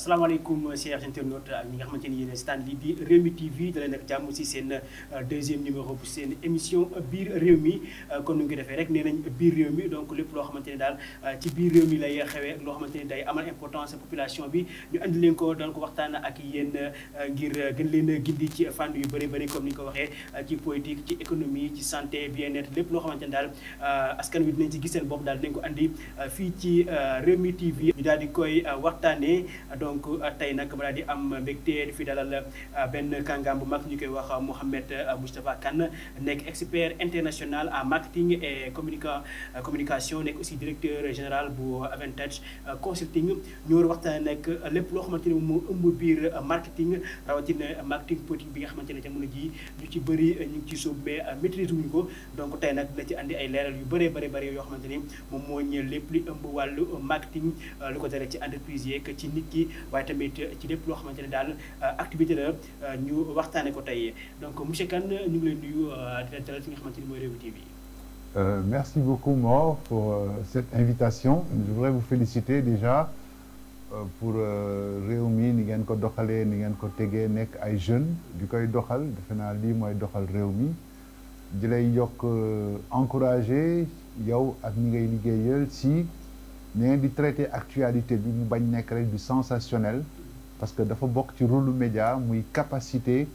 asalaamaaleykum euh, chers internautes ak ñi nga xamante ni yéen stan li di Rewmi TV da leen ak jàmm si seen euh, deuxième numéro bu émission euh, biir réew mi kon nu ngi defee rek nee nañ biir réew mi donc lépp loo xamante ni daal ci biir réew mi lay xewee loo xamante ni day amal importance population bi ñu leen ko doon waxtaan ak yéen ngir gën leen a gindi ci fànn yu bëri bëri comme ni ñu ko waxee ci politique ci économie ci santé bien-être lépp loo xamante ni daal askan wi dinañ ci gis seen daal dinañ ko andi fii ci Rewmi TV ñu daal di koy waxtaanee donc euh, tey nag ma daal di am mbégte di fi dalal euh, benn kàngaam bu mag ñu koy wax euh, Mouhamed Moustapha Kane nekk expert international en marketing et communica communication nekk aussi directeur général bu Avantage Consulting ñu war waxtaan nag lépp loo xamante ni mu ëmb biir marketing rawatina marketing politique bi nga xamante ne jamono ji ñu ci bëri ñu ngi ci suub mais maîtrise ko donc tey nag dina ci indi ay leeral yu bëree bëri bëri yoo xamante ni moom moo ñeel lépp li ëmb wàllu marketing lu ko dara ci entreprise yeeg ci nit ki waaye tamit ci lépp loo xamante ne daal euh, activité la euh, ñu waxtaane ko tey donc monsieur Kane ñu ngi lay nuyu euh, di la dalal nga xamante ni mooy Rewmi TV. merci beaucoup Mor pour euh, cette invitation je voudrais vous féliciter déjà euh, pour réew mi ni ngeen ko doxalee ni ngeen ko tegee nekk ay jeunes di koy doxal defe naa lii mooy doxal réew mi di lay yokk encourager yow ak ñi ngay liggéeyal si. da bi traité actualité bi mu bañ nekk rek du sensationnel parce que dafa bokk ci rôle média muy capacité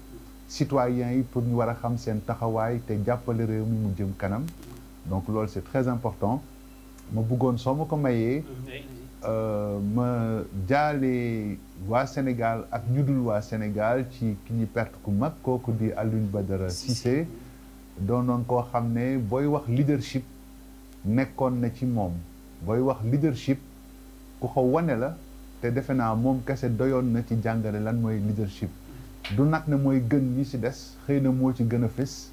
citoyens yi pour ñu war a xam seen taxawaay te jàppale réew mi mu jëm kanam donc loolu c'est très important ma buggoon soo ma ko mayee euh, ma jaale waa Sénégal ak ñu dul waa Sénégal ci ki ñu perte ku mag kooku di ba Alioune Badara doon doonoon koo xam ne booy wax leadership nekkoon na ci moom booy wax leadership ku xaw wane la te defe naa moom kese doyoon na ci jàngale lan mooy leadership du nag ne mooy gën ñi ci des xëy na moo ci gën a fës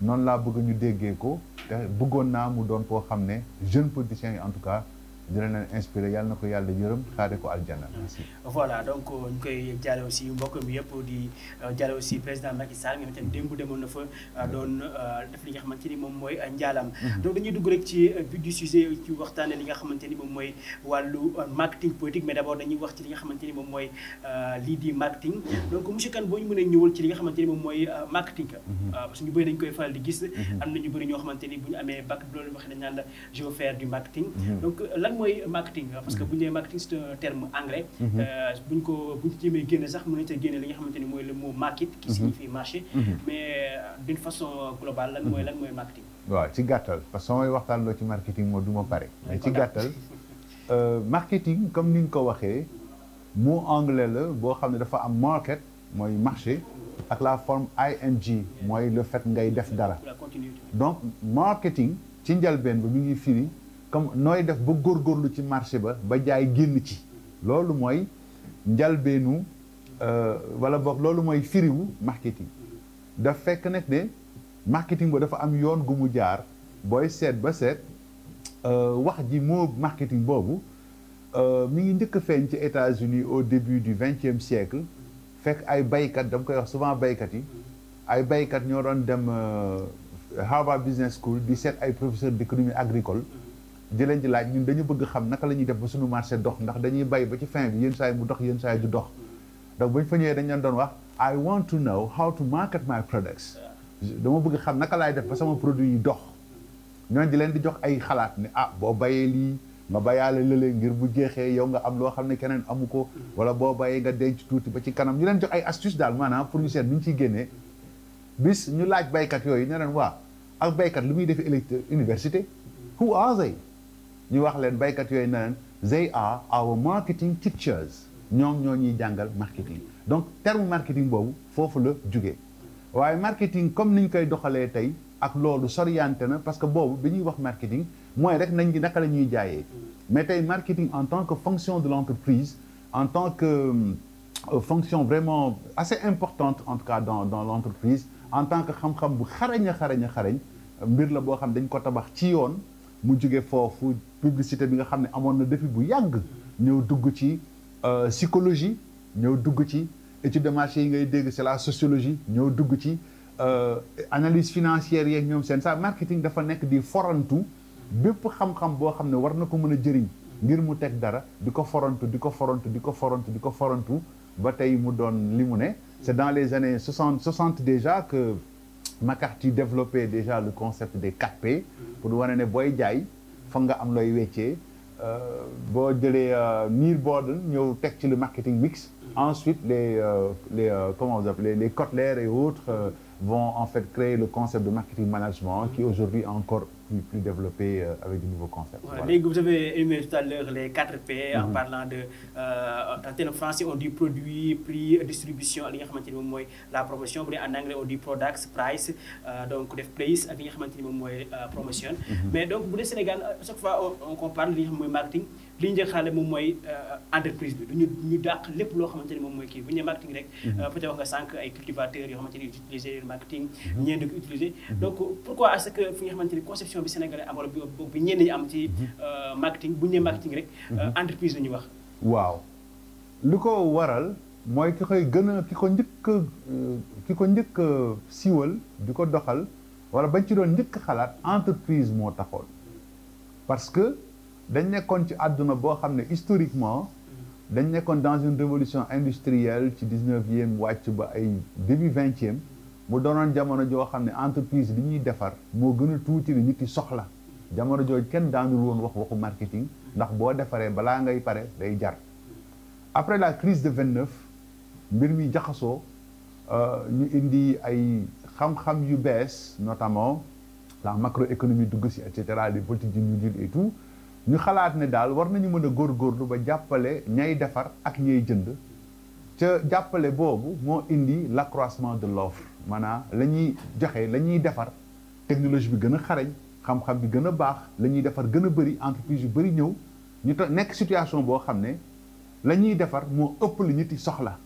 noonu laa bëgg ñu déggee ko te bëggoon naa mu doon koo xam ne jeune politicien yi en tout cas dina leen inspiré yàlla na ko yàlla yërëm xaare ko aljana voilà donc euh, ñu koy jaale aussi mbokk mi yëpp di euh, jaale aussi président Macky Sall nga xamante ne démb demoon na fa euh, doon def li nga ni moom mooy njaalam mhm. donc dañuy dugg rek ci but du sujet ci waxtaane li nga xamante ni moom mooy wàllu marketing politique mais d' dañuy wax ci li nga xamante ni moom mooy lii di marketing mhm. donc monsieur Kane boo ñu mën a ñëwal ci li nga xamante ni moom mooy marketing mhm. parce que ñu bëri dañ koy faral di gis am na ñu bëri ñoo xamante ni bu ñu amee bac loolu wax nañ naan lan mooy marketing parce que bu ñu nee marketing c'est un terme anglais. Mhm. Euh, bu ñu ko bu ñu jéemee génne sax mën nañu génne li nga xamante ni mooy le mot market. qui mhm. signifie marché. Mhm. mais euh, d'une façon globale lan mooy lan mooy marketing. waaw ci gàttal parce que samay waxtaan loo ci marketing moo du ma pare. mais ci gàttal euh, comme ni nga ko waxee mu anglais la boo xam ne dafa am market mooy marché. ak la forme ing mooy le fait ngay def dara. donc marketing ci njëlbeen ba ngi firi. comme nooy def ba góor góorgóorlu ci marché ba ba jaay génn ci loolu mooy njalbeenu euh, wala boog loolu mooy firiwu marketing daf fekk nag ne marketing ba dafa am yoon gu mu jaar booy seet ba seet euh, wax ji moo marketing boobu euh, mi ngi njëkk a feeñ ci États-Unis au début du vingtième siècle fekk ay baykat dam koy wax souvent baykat yi ay baykat ñoo doon dem Harvard Business School di seet ay professeur d'économie agricole di leen di laaj ñun dañu bëgg xam naka la ñuy def ba suñu marché dox ndax dañuy bay ba ci fin bi yenn saa mu dox yenn saa yi du dox donc bu ñu fa dañu leen doon wax I want to know how to market my dama bëgg xam naka laay def ba sama produit yi dox ñooñu di di jox ay xalaat ne ah boo bayee lii nga bayaale lële ngir bu jeexee yow nga am loo xam ne keneen amu ko wala boo bayee nga denc tuuti ba ci kanam ñu leen jox ay astuce daal maanaam pour ñu seet ñu ciy génnee bis ñu laaj baykat yooyu ne leen waa ak baykat lu muy defee élect université who are ñu wax leen baykat yooyu naan they are our marketing teachers ñoom ñoo ñuy jàngal marketing donc terme marketing boobu foofu la jugee waaye marketing comme ni ñu koy doxalee tey ak loolu soriante na parce que boobu bi ñuy wax marketing mooy rek nañ gi naka la ñuy jaayee mais tey marketing en tant que fonction de l'entreprise en tant que euh, fonction vraiment assez importante en tout cas dans dans l'entreprise en tant que xam-xam bu xarañ a xarañ a mbir la boo xam dañ ko tabax ci yoon mu jóge foofu publicité bi nga xam ne amoon na depuis bu yàgg ñëw dugg ci euh, psychologie ñëw dugg ci étude de marché yi ngay dégg c'est la sociologie ñëw dugg ci euh, analyse financière yeeg ñoom seen ça marketing dafa nekk di forontu bépp xam-xam boo xam ne war na ko mën a jëriñ ngir mu teg dara di ko forantu di ko forantu di ko forantu di ko forantu ba tey mu doon li mu ne c'est dans les années soixante soixante déjà McCarthy développé déjà le concept des 4P pour wane ne booy jaay foog nga am looy weccee euh, boo jëlee euh, Neil Borden ñëw teg ci le marketing mix mm-hmm. ensuite les euh, les euh, comment vous appelez les Kotler et autres euh, vont en fait créer le concept de marketing management qui mm-hmm. aujourd'hui encore plus, plus euh, avec de nouveaux concepts. Voilà. Voilà. Vous avez tout à l'heure les 4 P en mm-hmm. parlant de. Euh, en français, on dit produit, prix, distribution, li nga xamante ni moom mooy la promotion bu dee en anglais on dit products, price, euh, donc def place ak li nga ni moom mooy euh, promotion. Mm-hmm. Mais donc bu dee Sénégal, chaque fois on, compare li nga xam mooy marketing. li ñu njëkkaale moom mooy euh, entreprise bi du ñu ñu dàq lépp loo xamante ni moom mooy kii bu ñu nee marketing rek mhm. euh, peut-être wax nga sànq ay cultivateurs yoo xamante mhm. ko utiliser mhm. ce que fi nga xamante ni conception bi sénégalais amoro bi boog bi ñenn am ci euh, marketing bu ñu nee marketing rek entreprise la ñu wax waaw lu ko waral mooy ki koy gën a ki ko njëkk ki ko njëkk siiwal di ko doxal wala bañ ci doon njëkk xalaat entreprise moo taxoon dañ nekkoon ci àdduna boo xam ne historiquement dañ nekkoon dans une révolution industrielle ci dix-neuvième wàcc ba ay début vingtième mu doonoon jamono joo xam ne entreprise li ñuy defar moo gën a tuuti li nit soxla jamono jooju kenn daanul woon wax waxu marketing ndax boo defaree balaa ngay pare day jar après la crise de vingt-neuf mbir mi jaxasoo euh, ñu indi ay xam-xam yu bees notamment la macroéconomie dugg si et cetera les politiques du New Deal ñu xalaat ne daal war nañu mën a góorlu ba jàppale ñay defar ak ñay jënd ca jàppale boobu moo indi l'accroissement de l'offre maanaam la ñuy joxe la ñuy defar technologie bi gën a xarañ xam bi gën a baax la ñuy defar gën a bëri entreprise yu bëri ñëw ñu to nekk situation boo xam ne la ñuy defar moo ëpp lu ñu yi soxla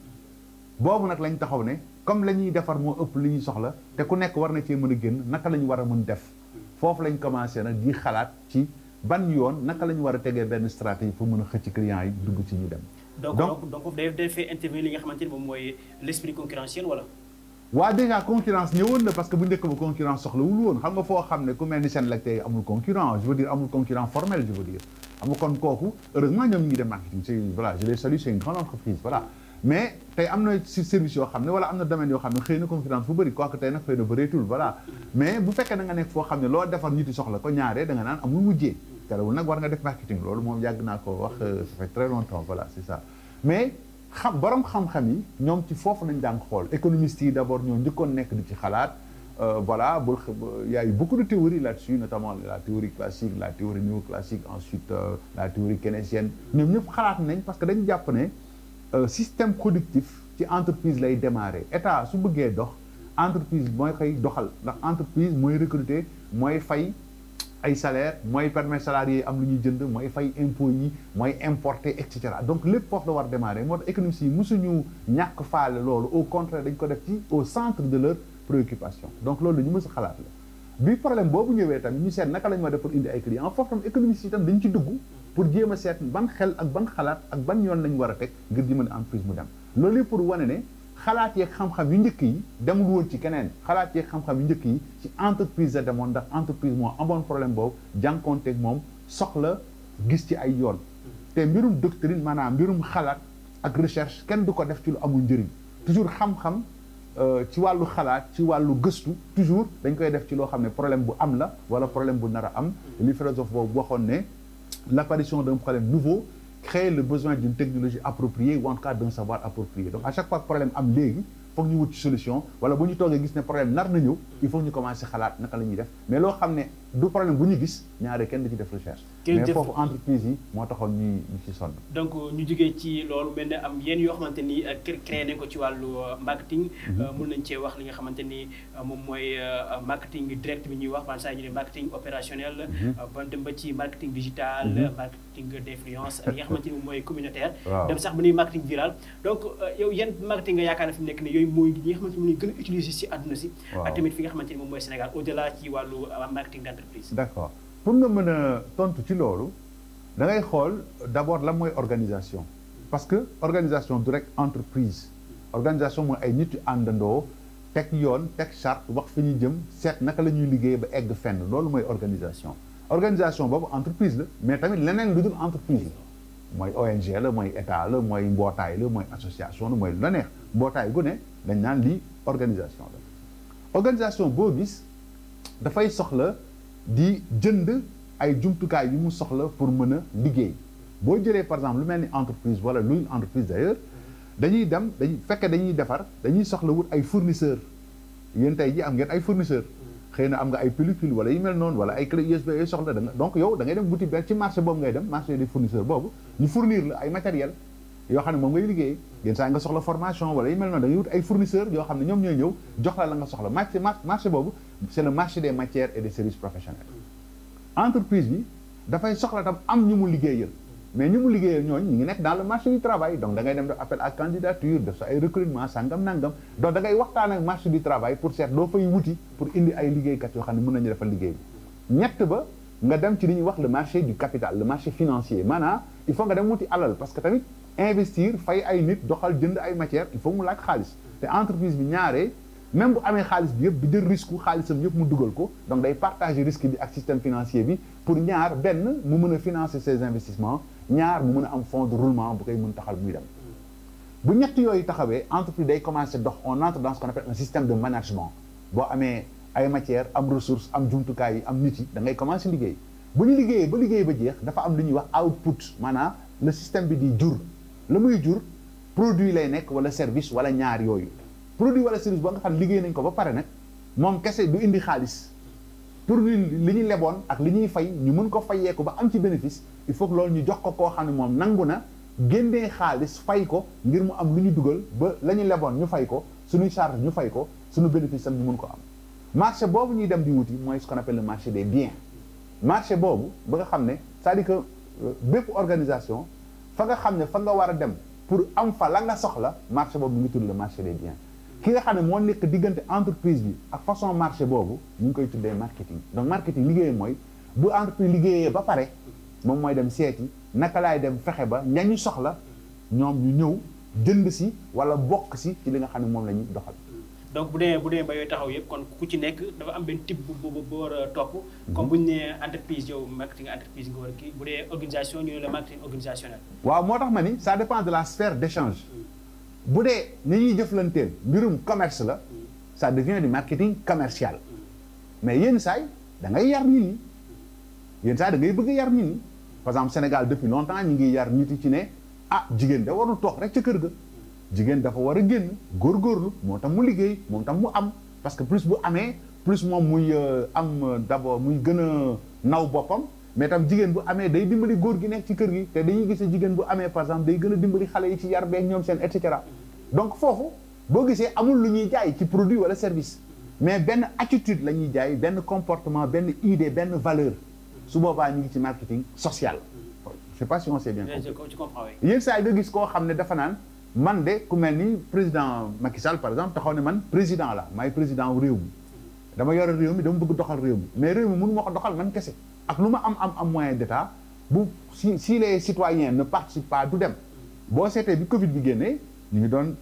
boobu nag lañ taxaw ne comme la ñuy defar moo ëpp lu ñuy soxla te ku nekk war na cee mën a génn naka la ñu war a mën def foofu lañ commencé nag di xalaat ci ban yoon naka la ñu war a tegee benn stratégie pour mën a xëcc clients yi dugg ci ñu dem. donc donc day day li nga xamante ni moom mooy l' esprit concurrentiel wala. concurrence ñëwoon na que bu njëkk ba concurrence soxlawul woon xam nga foo xam ne ku mel ni Senelec tey amul concurrent je veux dire amul concurrent formel je veux dire amul kon kooku heureusement ñoom ñu ngi dem marketing c'est a je les salue c'est une grande entreprise voilà mais tey am na si service am ne xëy na concurrence bu bëri mm. ko ñaaree da nga naan amul mujjee terewul nag war nga def marketing loolu moom yàgg naa ko wax euh, ça fait très longtemps voilà c'est ça mais xam borom xam-xam yi ñoom ci foofu lañ daan xool économistes yi d'abord ñoo njëkkoon nekk di ci xalaat euh, voilà bul y a eu beaucoup de théories là-dessus notamment la théorie classique la théorie néoclassique ensuite euh, la théorie keynésienne ñoom ñëp xalaat nañ parce que dañ jàpp ne système productif ci entreprise lay démarrer état su bëggee dox entreprise mooy koy doxal ndax entreprise mooy recruter mooy fay ay salaire mooy permettre salariés yi am lu ñuy jënd mooy fay impôts yi mooy importer et cetera donc lépp foofu la war démarrer moo tax économistes yi mësuñu ñàkk faale loolu au contraire dañ ko def ci au centre de leur préoccupation donc loolu la ñu mës a xalaat la bi problème boobu ñëwee tamit ñu seet naka la ñu war def pour indi ay clients foofu tam économistes yi tam dañ ci dugg pour jéem seet ban xel ak ban xalaat ak ban yoon lañ war a teg ngir dimbali entreprise mu dem loolu pour wane xalaat yeeg xam-xam yu njëkk yi demul woon ci keneen xalaat yeeg xam-xam yu njëkk yi ci entreprise la demoon ndax entreprise moo amoon problème boobu jànkoonteeg moom soxla gis ci ay yoon te mbirum doctrine maanaam mbirum xalaat ak recherche kenn du ko def ci lu amul njëriñ toujours xam-xam euh, ci wàllu xalaat ci wàllu gëstu toujours dañ koy def ci loo xam ne problème bu am la wala problème bu nar a am mm. li philosophe boobu waxoon ne l'apparition d'un problème nouveau créer le besoin d'une technologie appropriée ou en tout cas d'un savoir donc à chaque fois problème am léegi foog ñu wut solution wala bu ñu toogee gis ne problème nar na ñëw il faut ñu commencer xalaat na la ñuy def mais loo xam ne du problème bu ñu gis ñaare kenn du ci def recherche mais foofu entreprise yi moo taxoon ñuy ñu ci sonn. donc ñu jógee ci loolu mel ne am yéen yoo xamante ni euh, créé nañ ko ci wàllu euh, marketing. Mm-hmm. Euh, mun nañ cee wax li nga xamante ni moom mooy marketing direct bi ñuy wax man saa ñu ne marketing opérationnel. Mm-hmm. ba dem ba ci marketing digital. Mm-hmm. marketing d'influence li nga xamante ni moom mooy communautaire. dem sax ba nuy marketing viral. donc yow yan marketing nga yaakaar ne fi mu nekk nii yooyu mooy li nga xamante ni mooy gën a utiliser si àdduna si. ak tamit fi nga xamante moom mooy Sénégal au delà pour nga mën a tontu ci loolu da ngay xool d'abord lan mooy organisation parce que organisation du rek entreprise organisation mooy ay nit yu àndandoo teg yoon teg charte wax fi ñu jëm seet naka la ñuy liggéey ba egg fenn loolu mooy organisation organisation boobu entreprise la mais tamit leneen lu dul entreprise la mooy ONG la mooy état la mooy mbootaay la mooy association la mooy lu la neex mbootaay gu ne dañ naan lii organisation la organisation boo di jënd ay jumtukaay yu mu soxla pour mën a liggéey boo jëlee par exemple lu mel ni entreprise wala luy entreprise d'ailleurs dañuy dem dañuy fekkee dañuy defar dañuy soxla wut ay fournisseur yéen tey ji am ngeen ay fournisseur xëy na am nga ay pellicule wala yu mel noonu wala ay clé USB yooyu soxla da nga donc yow da ngay dem boutique benn ci marché boobu ngay dem marché des fournisseurs boobu ñu fournir la ay matériel yoo xam ne moom ngay liggéey yenn saa nga formation wala yu mel noonu yoo xam ne ñoom ñooy ñëw jox la la nga soxla marché marché boobu c'est le marché des matières et des services professionnels entreprise bi dafay soxla tam am ñu mu liggéeyal mais ñu mu liggéeyal ñooñu ñu ngi nekk dans le marché du travail donc da ngay dem def appel à candidature def sa ay recrutement sangam nangam donc da waxtaan ak marché du travail pour seet doo fay wuti pour indi ay liggéeykat yoo xam ne mën nañu defal liggéey bi ñett ba nga dem ci wax le marché du capital le marché financier maanaam il faut nga dem wuti alal parce investir fay ay nit doxal jënd ay matière il faut mu laaj xaalis te entreprise bi ñaare même bu amee xaalis bi yëpp di jël risque xaalisam yëpp mu dugal ko donc day partager risque bi ak système financier bi pour ñaar benn mu mën a financer ses investissements ñaar mu mën a am fonds de roulement bu koy mën taxal muy dem bu ñetti yooyu taxawee entreprise day commencer dox on entre dans ce qu'on appelle un système de management boo amee ay matière am ressource am jumtukaay yi am nit yi da ngay liggéey bu ñu liggéeyee ba liggéey ba jeex dafa am lu ñuy wax output maanaam le système bi di jur la muy jur produit lay nekk wala service wala ñaar yooyu produit wala service boo nga xam liggéey nañ ko ba pare nag moom kese du indi xaalis pour li ñuy leboon ak li ñuy fay ñu mën ko ko ba am ci bénéfice il faut loolu ñu jox ko koo xam ne moom nangu na génnee xaalis fay ko ngir mu am lu ñu dugal ba la ñu leboon ñu fay ko suñuy charge ñu fay ko suñu bénéfice am ñu mën ko am marché boobu ñuy dem di wuti mooy ce qu'on appelle le marché des marché boobu ba nga xam ne cest à que euh, bépp organisation fa nga xam ne fa nga war a dem pour am fa la nga soxla marché boobu mu ngi tudd le marché des biens ki nga xam ne moo nekk diggante entreprise bi ak façon marché boobu ñu ngi koy tuddee marketing donc marketing liggéey mooy bu entreprise liggéeyee ba pare moom mooy dem seeti naka laay dem fexe ba ñañu soxla ñoom ñu ñëw jënd si wala bokk si ci li nga xam ne moom la ñuy doxal donc bu demee bu demee ba yooyu taxaw yëpp kon ku ci nekk dafa am benn type bu bu bu war a topp. Mhm. comme bu ñu nee entreprise yow marketing entreprise nga war a kii bu dee organisation ñu ne la marketing organisationnel. waaw moo tax ma ni sa dépend de la sphère d'échange. Mhm. bu dee ni ñuy jëflanteel mbirum commerce la. Mhm. ça devient du marketing commercial. mais yenn saay da yar nit yenn saay da ngay bëgg yar nit ñi. par exemple Sénégal depuis longtemps ñu ngi yar nit yi ci ne ah jigéen da warul toog rek ca kër ga. jigéen dafa war a génn góor góorgóorlu moo tax mu liggéey moom tam mu am parce que plus bu amee plus moom muy euh, am euh, d'abord muy gën a naw boppam mais tam jigéen bu amee day dimbali góor gi nekk ci kër gi te dañuy gis jigéen bu amee par exemple day gën a dimbali xale yi ci yar beeg ñoom seen et donc foofu boo gisee amul lu ñuy jaay ci produit wala service mais benn attitude la ñuy jaay benn comportement benn idée benn valeur su boobaa ñu ngi ci marketing social je sais pas si on yéen saa nga gis koo xam ne dafa naan man de ku mel ni président Macky par exemple taxaw ne man président la maay président réew mi dama yore réew mi dama bëgg doxal réew mi mais réew mi mënu ma ko doxal man kese ak lu ma am am am moyen d'état bu si si les citoyens ne participent pas du dem boo seetee bi Covid bi génnee ñu ngi doon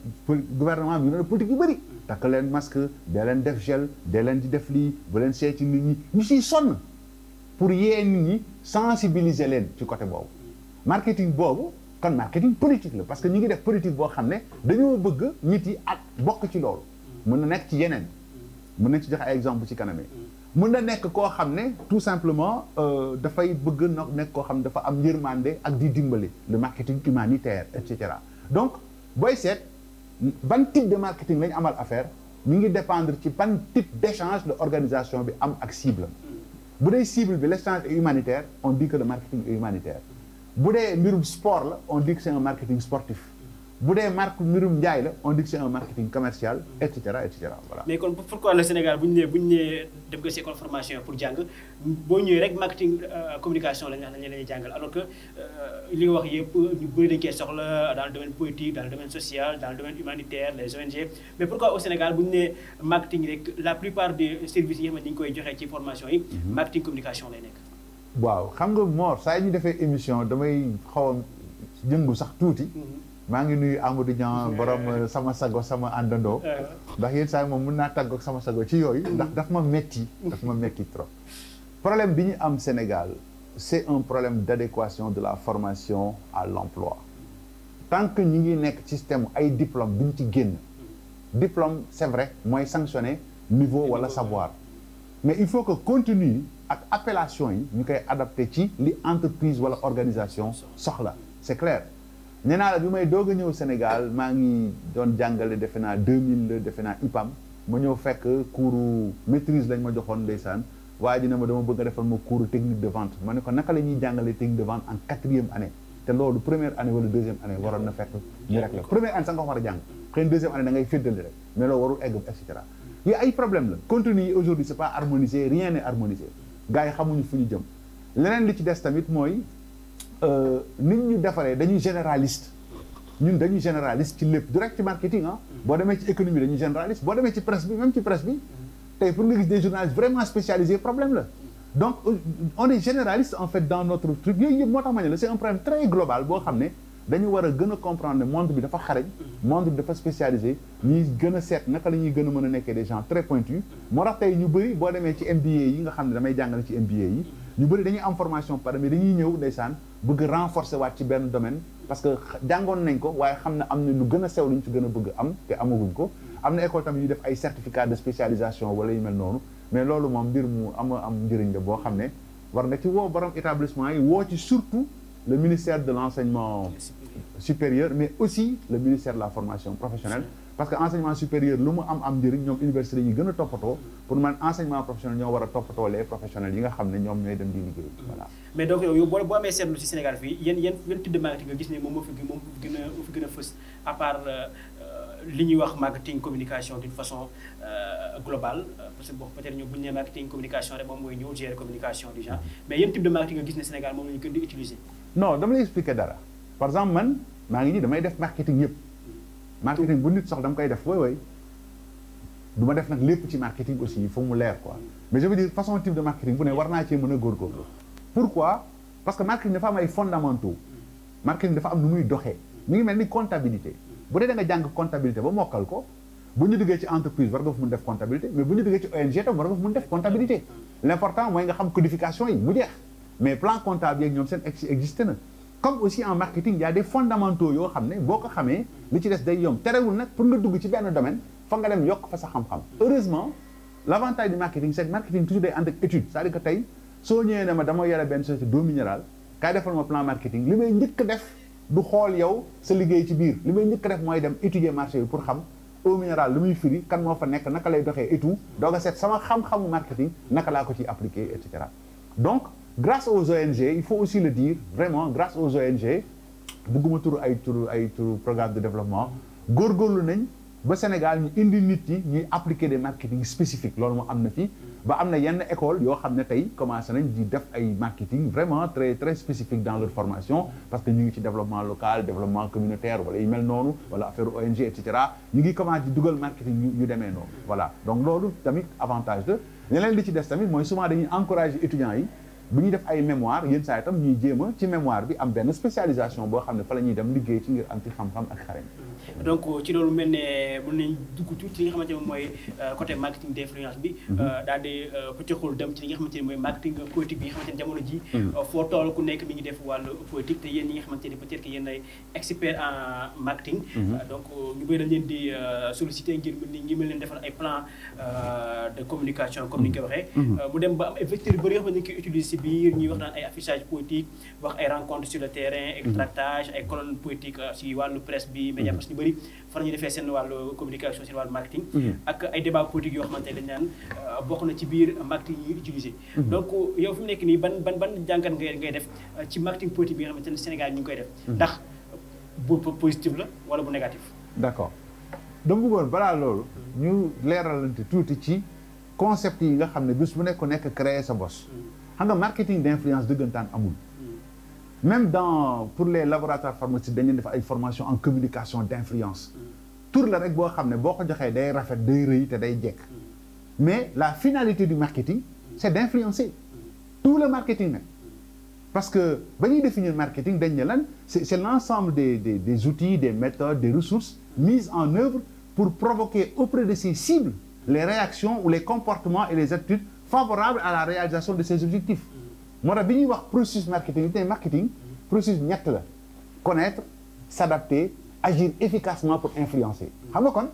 gouvernement bi ñu doon politique yu bëri takk leen masque dee leen def gel dee leen di def lii bu leen seet ci nit ñi ñu siy sonn pour yee nit ñi sensibiliser leen ci côté boobu marketing boobu kon marketing politique la parce que ñu ngi def politique boo xam ne dañoo bëgg nit yi ak bokk ci loolu mun na nekk ci yeneen mën nañ ci joxe ay exemple ci kaname mun na nekk koo xam ne tout simplement euh, dafay bëgg na nekk koo xam ne dafa am yërmande ak di dimbali le marketing humanitaire et cetera donc booy seet ban type de marketing lañ amal affaire mi ngi dépendre ci ban type d' échange la organisation bi am ak cible bu dee cible bi l' échange est humanitaire on dit que le humanitaire bu dee mbirum sport la on dit que c'est un marketing sportif bu dee marque mbirum njaay la on dit que c'est marketing commercial et cetera et cetera voilà. mais kon pourquoi le Sénégal bu ñu nee nga ci école formation pour jàng boo ñëwee rek marketing euh, communication la ñu wax ne la ñuy jàngal alors que euh, li nga wax yëpp ñu bëri dañ koy soxla dans le domaine politique dans le domaine social dans le domaine humanitaire les ONG mais pourquoi au Sénégal bu ñu nee marketing rek la plupart des services yi nga xamante ni ñu koy joxee ci formation yi. Mhm. marketing communication lay nekk. waaw xam nga Mor saa ñu defee émission damay xaw a jëngu sax tuuti. Mm-hmm. maa ngi nuy nuyu du Niang borom euh, sama sago sama àndandoo. ndax yéen saa moom mun naa tàggoog sama sago ci yooyu. Mm-hmm. ndax daf ma metti daf ma metti trop. problème bi ñu am Sénégal c'est un problème d'adéquation de la formation à l'emploi tant que ñu ngi nekk système ay diplôme duñ ci génn. Mm-hmm. diplôme c'est vrai mooy sanctionner niveau wala savoir mais il faut que continue ak appellation yi ñu koy adapté ci li entreprise wala organisation soxla c'est clair nee naa la bi may doog a ñëw Sénégal maa ngi doon jàngale defe naa deux la defe naa IPAM ma ñëw fekk cours maîtrise lañ ma joxoon ndeysaan waaye dina ma dama bëgg a defal ma cours technique de vente ma ne ko naka la ñuy jàngalee technique de vente en quatrième année te loolu première année wala deuxième année waroon na fekk ñu rek la première année sax nga ko a jàng la contenu yi aujourd'hui c'est pas harmonisé gars yi xamuñu fu ñu jëm leneen li ci des tamit mooy euh, nit ñu defaree dañuy généraliste ñun dañuy généraliste ci lépp du rek ci marketing ah mm-hmm. boo demee ci économie dañuy généraliste boo demee ci presse bi même ci presse bi mm-hmm. tey pour nga des journalistes vraiment spécialisés problème la donc euh, on est généraliste en fait dans notre truc yooyu yëpp moo tax ma ne la c'est un problème très global boo xam ne dañu war a gën a comprendre ne monde bi dafa xarañ monde bi dafa spécialisé ñuy gën a seet naka la ñuy gën a mën a nekkee des gens très pointus moo tax tey ñu bëri boo demee ci MBA yi nga xam ne damay jàngale ci MBA yi ñu bëri dañuy am formation pare mais dañuy ñëw saan bëgg renforcer waat ci benn domaine parce que jàngoon nañ ko waaye xam ne am na lu gën a sew lu ñu ci gën a bëgg am te amaguñ ko am na école tamit ñu def ay certificat de spécialisation wala yu mel noonu mais loolu moom mbir mu am am njëriñ la boo xam ne war nga ci woo borom établissement yi woo ci surtout le ministère de l'enseignement supérieur mais aussi le ministère de la formation professionnelle parce que enseignement supérieur lu mu am am njëriñ ñoom université yi gën a toppatoo pour man enseignement professionnel ñoo war a toppatoo les professionnels yi nga xam ne ñoom ñooy dem di liggéey voilà mais donc yow boo boo amee seetlu ci Sénégal fii yéen yéen yéen de marketing nga gis ne moom communication d'une façon euh, globale euh, parce que bon peut-être ñu mooy ñëw gérer communication du genre mm-hmm. mais yéen type de marketing non dama lay expliquer dara par exemple man maa ngi nii damay def marketing yëpp. marketing bu nit sox dama koy def woy woy du ma def nag lépp ci marketing aussi il faut mu leer quoi mais je veux dire façon type de marketing bu ne war naa cee mën a góorgóorlu. pourquoi parce que marketing dafa am ay fondamentaux. marketing dafa am nu muy doxee. mi ngi mel ni comptabilité. bu dee da nga jàng comptabilité ba mokkal ko bu ñu duggee ci entreprise war nga fa mun def comptabilité bu ñu duggee ci ONG tam war nga fa mun def comptabilité. l' important mooy nga xam codification yi mais plan comptable yeeg ñoom seen existé na comme aussi en marketing y a des fondamentaux yoo xam ne boo ko xamee li ci des day yomb terewul nag pour nga dugg ci benn domaine fa nga dem yokk fa sa xam-xam heureusement l' avantage du marketing c' est que marketing toujours day ànd ak étude c'est-à-dire tey soo ñëwee ne ma dama yore benn société d'eau minérale kaay defal ma plan marketing li may njëkk def du xool yow sa liggéey ci biir li may njëkk def mooy dem étudier marché bi pour xam eau minérale lu muy firi kan moo fa nekk naka lay doxee et tout doog seet sama xam-xamu marketing naka laa ko ciy appliquer et grâce aux ONG il faut aussi le dire vraiment grâce aux ONG bëgguma tur ay tur ay tur programme de développement góorgóorlu nañ ba Sénégal ñu indi nit yi ñuy appliquer des marketing spécifiques loolu moo am na fi ba am na yenn école yoo xam ne tey commence nañ di def ay marketing vraiment très très spécifique dans leur formation parce que ñu ngi ci développement local développement communautaire wala yu mel noonu wala affaire ONG et cetera ñu ngi commencé di dugal marketing ñu demee noonu voilà donc loolu tamit avantage la li ci des tamit mooy souvent dañuy encourager étudiants yi bu ñuy def ay mémoire yenn saa itam ñuy jéem ci mémoire bi am benn spécialisation boo xam ne fa la ñuy dem liggéey ci ngir am ci xam-xam ak xarañ donc euh, ci loolu mel ne euh, mën nañ dugg tuuti ci li nga xamante ne mooy euh, côté marketing d'influence bi mhm. daal di pëccëxul dem ci li nga xamante ne mooy marketing politique bi ji mhm. foo tool ku nekk mi ngi def wàllu politique te yéen xamante ne peut-être que yéen ay mhm. di solliciter ngir mën ngi mel leen defal ay plan de communication comme ni nga ko waxee mu dem ba am ay vecteurs bëri yoo xamante ne ñu koy utiliser si biir ñuy wax naan ay affichage politique wax ay rencontres sur le terrain ay tractage ay colonne politique si wàllu presse bi média bëri fan ñu defee seen wàllu communication seen wàllu marketing mhm. ak ay débat politique yoo xamante dañ naan euh, bokk na ci biir marketing yi utilisé mhm. donc euh, yow fi mu nekk nii ban ban ban jàngat ngay ngay def euh, ci marketing politique bi nga xamante ne Sénégal ñu ngi koy def mhm. ndax bu positif la wala bu négatif d'accord dama bëggoon balaa loolu ñu leeralante tuuti ci concept yi nga xam ne bis bu nekk ku nekk créer sa bos xam nga marketing d'influence dëggantaan amul même dans pour les laboratoires pharmaceutiques dañuy def ay formation en communication d'influence tur la rek boo xam ne boo ko joxee day rafet day rëy te day jekk mais la finalité du marketing c'est d'influencer tout le marketing nag parce que ba ñuy définir marketing dañ ne lan c'est c'est l'ensemble des des des outils des méthodes des ressources mises en œuvre pour provoquer auprès de ses cibles les réactions ou les comportements et les attitudes favorables à la réalisation de ses objectifs moo tax bi ñuy wax processus marketing bi marketing processus ñett la connaître s'adapter agir efficacement pour influencer xam nga kon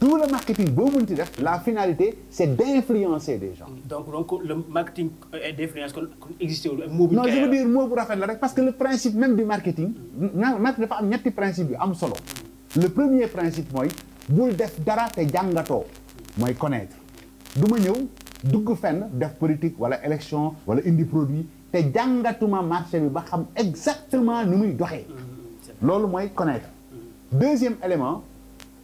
tout le marketing boo mën ti def la finalité c'est d'influencer des gens. donc donc le marketing euh, d'influence kon existé wul mot bu non je veux dire mot bu rafet la rek parce que le principe même du marketing. marketing dafa am ñetti principe yu am solo. le premier principe mooy bul def dara te jàngatoo. mooy connaître du ma dugg fenn def politique wala élection wala indi produit te jàngatuma marché bi ba xam exactement ni muy doxee mm-hmm. loolu mooy connaître mm-hmm. deuxième élément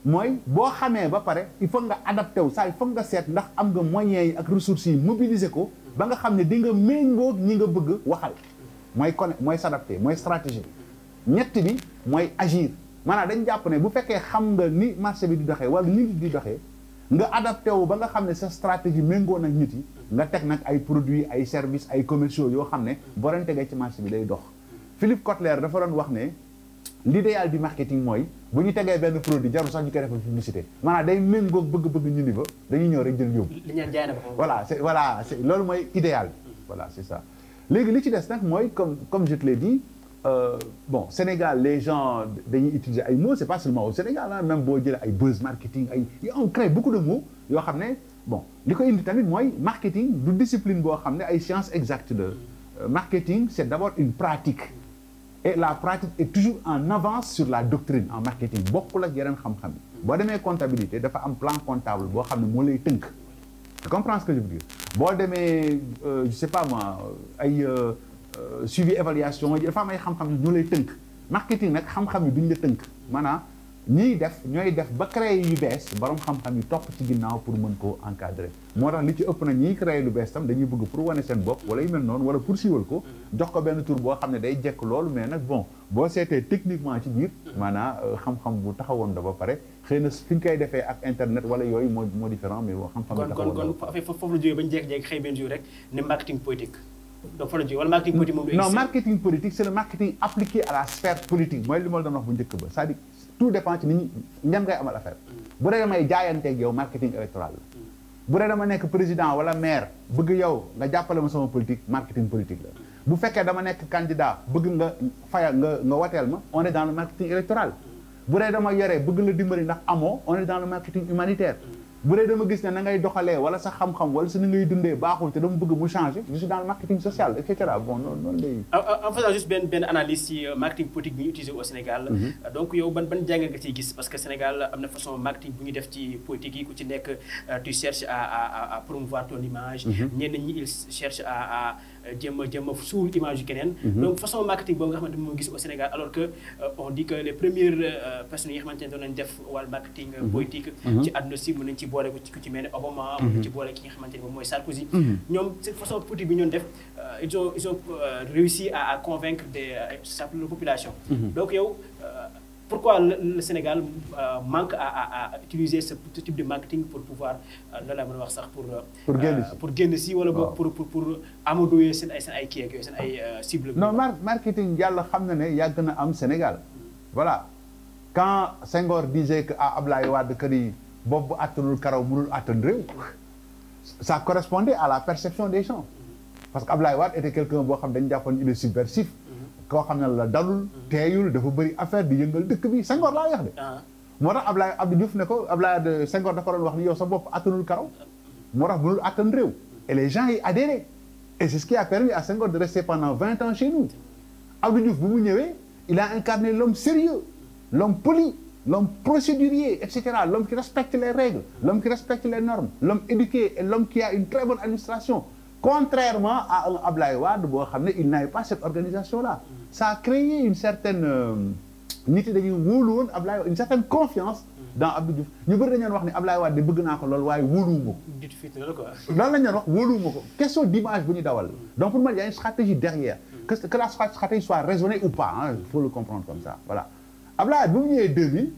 mooy boo xamee ba pare il faut nga adapté wu saa il faut nga seet ndax am nga moyens yi ak ressources yi mobiliser ko mm-hmm. ba nga xam ne di nga méngóog ñi nga bëgg waxal mooy connect mooy s'adapter mooy stratégie bi ñett bi mooy agir maanaam dañ jàpp ne bu fekkee xam nga ni marché bi di doxee wala nit di doxee nga adapté wu ba nga xam ne sa stratégie méngoo nag nit yi nga teg nag ay produits ay services ay commerciaux yoo xam ne boo leen tegee ci marché bi day dox Philippe Kotler dafa doon wax ne l'idéal du marketing mooy bu ñu tegee benn produit jarul sax ñu koy defal publicité maanaam day méngoog bëgg-bëgg ñu ni ba dañuy ñëw rek jël yóbbu voilà c'est voilà c'est loolu mooy idéal bi voilà c'est ça léegi li ci des nag mooy comme comme je te Euh, bon Sénégal les gens dañuy utiliser ay mots c'est pas seulement au Sénégal ah même boo jëlee ay buzz marketing ay on crée beaucoup de mots yoo xam ne bon li ko indi tamit mooy marketing du discipline boo xam ne ay science exacte la euh, marketing c'est d'abord une pratique et la pratique est toujours en avance sur la doctrine en marketing bokkul ak yeneen xam-xam yi boo demee comptabilité dafa am plan boo xam ne moo lay tënk tu comprends ce que je veux dire boo demee euh, je sais pas moi ay euh, Euh, suivi évaluation yi dafa am ay xam-xam yu ñu lay tënk marketing nag xam-xam yi duñ la tënk maanaam ñiy def ñooy def ba créer yu bees borom xam-xam yi topp ci ginnaaw pour mën koo encadrer moo tax li ci ëpp na ñiy créer lu bees tam dañuy bëgg pour wane seen bopp wala yu mel noonu wala pour siiwal ko jox ko benn tur boo xam ne day jekk loolu mais nag bon boo seetee techniquement ci biir maanaam euh, xam-xam bu taxawoon da ba pare xëy na fi ñu koy defee ak internet wala yooyu moo moo différent mais xam-xam bu taxawoon de politique wala marketing politique moom non marketing politique c'est le marketing appliqué à la sphère politique mooy li ma la doon wax bu njëkk ba cest à tout dépend ci ni ñu ngay amal affaire bu dee damay jaayanteeg yow marketing électoral bu dee dama nekk président wala maire bëgg yow nga jàppale ma sama politique marketing politique la bu fekkee dama nekk candidat bëgg nga fayal nga nga wateel ma on est dans le marketing électoral bu dee dama yore bëgg la dimbali ndax amoo on est dans le marketing humanitaire bu dee dama gis ne na ngay doxalee wala sa xam-xam wala sa na ngay dundee baaxul te dama bëgg mu changer je suis dans le marketing social et cetera bon noonu noonu lay. Euh, euh, en faisant juste benn benn analyse ci euh, marketing politique bi ñu utilisé mm-hmm. yow ban ban jàng nga ciy gis parce que Sénégal am na façon marketing bu ñu def ci politique yi ku ci nekk tu cherches à à à promouvoir ton image. Mm-hmm. ñenn ñi ils cherchent à jéem a jéem a suul image yu keneen mhm. donc façon marketing boobu nga xamante moo gis au Sénégal alors que euh, on dit que les premières euh, personnes yi nga xamante ne doon nañ def wàllu marketing euh, mhm. politique mhm. ci àdduna si mën nañ ci boole ku ci mel ne Obama mën ci boole ki nga xamante ne moom mooy Sarkozy ñoom cette façon politique bi ñoon def ils ont ils ont réussi à convaincre des certaines populations donc yow pourquoi le, Sénégal euh, manque à, à, à, utiliser ce type de marketing pour pouvoir euh, loolu laa wax sax pour. Euh, pour génn si pour génn si wala boog pour pour pour amadouer seen ay seen ay kii ak yooyu seen ay cible marketing yàlla xam na ne yàgg na am Sénégal. Hmm. voilà quand Senghor disait que à abla Wade que ni bopp bu attanul karaw mënul attan réew. ça correspondait à la perception des gens. Hmm. parce que Ablaye Wade était quelqu'un boo xam dañu jàppoon il est subversif. koo xam ne la dalul. Mm-hmm. teeyul dafa bëri affaire di yëngal dëkk bi Senghor laa wax de. Ah. moo tax Ablaye Abdou Diouf ne ko Ablaye Senghor dafa doon wax ni yow sa bopp attanul karaw. Mm-hmm. moo tax mënul attan réew. et les gens yi adhéré. et c'est ce qui a permis à Senghor de rester pendant vingt ans chez nous. Abdou bu mu ñëwee il a incarné l'homme sérieux l'homme poli l'homme procédurier et l'homme qui respecte les règles l'homme qui respecte les normes l'homme éduqué et l'homme qui a une très boo xam ne il n'avait pas cette organisation mm-hmm. ça a créé une certaine euh, nit yi dañuy wóolu woon Ablaye une certaine confiance. Mm. dans Abdou Diouf ñu bëri dañu wax ni ne Ablaye Wade bëgg naa ko loolu waaye wóoluwuma ko. dit fit la quoi. lan la wax wóoluwuma ko question d'image bu ñu dawal. Mm. donc pour moi de y a une stratégie derrière. Mm. que que la stratégie soit raisonnée ou pas hein il faut le comprendre comme ça voilà. Ablaye bu du ñëwee 2000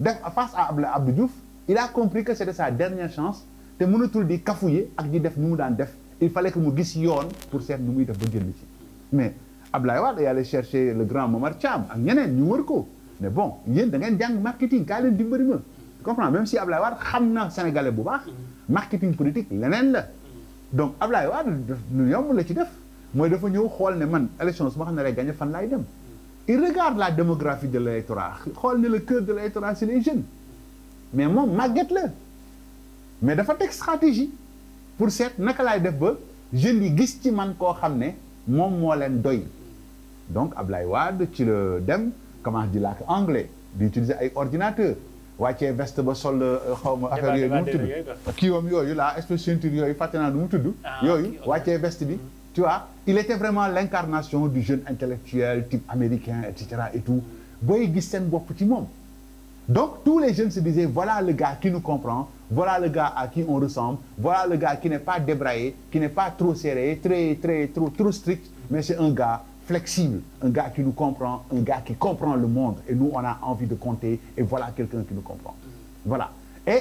def face à Abdou Diouf il a compris que c'était sa dernière chance te mënatul di kafouiller ak di def nu mu daan def il fallait que mu gis yoon pour seet nu muy def ba jënd ci mais. Ablaye Wade est allé chercher le grand Momar Thiam ak ñeneen ñu wër ko mais bon yéen da ngeen jàng marketing kaay leen dimbali ma comprends même si Ablaye Wade xam na sénégalais bu baax marketing politique leneen la donc Ablaye Wade lu yomb la ci def mooy dafa ñëw xool ne man élection su ma xam ne rek gagné fan laay dem il regarde la démographie de l'électorat xool ne la cœur de l'électorat c'est les jeunes mais moom màgget la mais dafa teg stratégie pour seet naka laay def ba jeunes yi gis ci man koo xam ne moom moo leen doy donc Ablaye Wade ci la dem commence di làkk anglais di utiliser ay ordinateur wàccee veste ba sol euh, xaw ma affaire yooyu nu mu tudd kii yoom yooyu la espèce yooyu fàtte naa nu mu tudd ah, yooyu wàccee veste bi mm-hmm. tu il était vraiment l'incarnation du jeune intellectuel type américain et cetera et tout booy gis seen bopp ci moom donc tous les jeunes se disaient voilà le gars qui nous comprend voilà le gars à qui on ressemble voilà le gars qui n'est pas débraillé qui n'est pas trop serré très très trop strict mais c'est un gars flexible, un gars qui comprend, le monde. Et nous, on a envie de compter. Et voilà quelqu'un qui nous comprend. Voilà. Et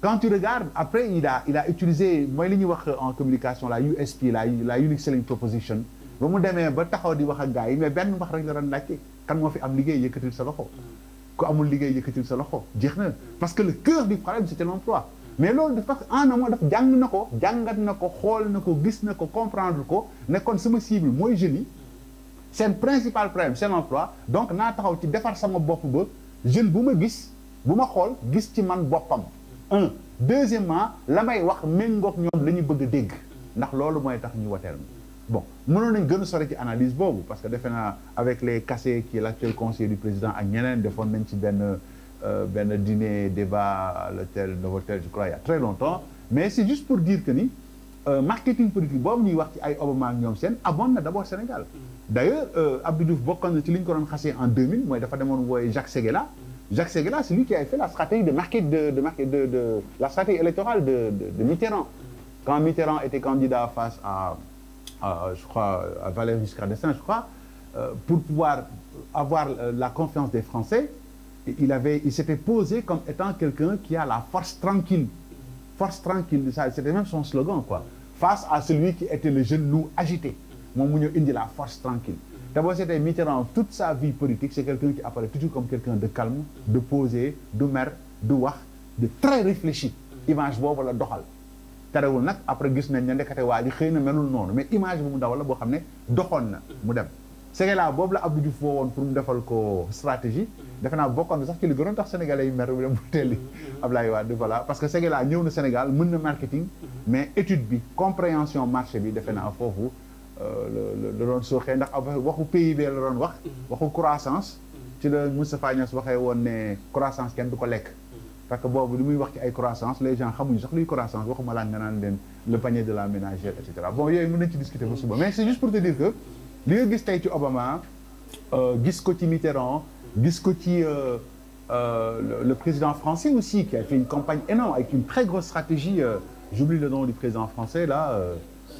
quand tu regardes, après, il a, il a utilisé, moi, il en communication, la USP, la, la Unique Selling Proposition. ba ba taxaw di wax ak gars mais benn wax rek la doon laajte kan moo fi am liggéey yëkkatil sa loxo ku amul liggéey yëkkatil sa loxo jeex na parce que le cœur du problème c'était l'emploi mais loolu dafa en amont dafa jàng na ko jàngat na ko xool na ko gis na ko comprendre ko ne kon sama cible mooy jeunes yi seen principal problème c'est l'emploi donc naa taxaw ci defar sama bopp ba jeune bu ma gis bu ma xool gis ci man boppam un deuxièmement la may wax méngoog ñoom la ñu bëgg dégg ndax loolu mooy tax ñu wateel ma bon mënoon nañ gën a sore ci analyse boobu parce que defe naa avec les Kassé qui est l'actuel conseiller du président ak ñeneen defoon nañ ci benn euh, benn dîner débat à l'hôtel Novotel je crois il y a très longtemps mais c'est juste pour dire que ni Euh, marketing politique boobu ñuy wax ci ay Obama ak ñoom seen amoon na d' abord Sénégal. Mm. d' ailleurs euh, Abdou Diouf bokkoon na ci li ñu ko doon xasee en 2000 mooy dafa demoon wooye Jacques Séguéla. Mm. Jacques Séguéla c'est lui qui a fait la stratégie de market de de market de de la stratégie électorale de de de Mitterrand. Mm. quand Mitterrand était candidat face à à je crois à Valéry Giscard d'Estaing je crois euh, pour pouvoir avoir la confiance des Français il avait il s'était posé comme étant quelqu'un qui a la force tranquille force tranquille c'était même son slogan quoi face à celui qui était le jeune loup agité moom mu ñëw indi la force tranquille te boo seetee Mitterrand toute sa vie politique c'est quelqu'un qui apparaît toujours comme quelqu'un de calme de posé du mer du wax de très réfléchi image boobu la doxal terewul nag après gis nañ ne ndekete waa ji xëy na melul noonu mais image bu mu dawal la boo xam ne doxoon na mu dem Sénégal boobu la Abdou Diouf woowoon pour mu defal ko stratégie defe naa bokkoon na sax ci li gënoon tax sénégalais yi mer bu dem bu telli mm-hmm. Ablaye Wade voilà parce que Sénégal ñëw na Sénégal mën na marketing mm-hmm. mais étude bi compréhension marché bi defe naa foofu euh, la doon sooxee ndax waxu PIB la doon wax mm-hmm. waxu croissance ci la Moustapha Niass waxee woon ne croissance kenn du ko lekk parce que boobu li muy wax ci ay croissance les gens xamuñu sax luy croissance waxuma laa nga naan leen le panier de la ménagère et cetera bon yooyu mën gis tey ci Obama euh, gis ko ci Mitterrand gis ko ci le président français aussi qui a fait une campagne énorme avec une très grosse stratégie euh, j'oublie le nom du président français là. Euh,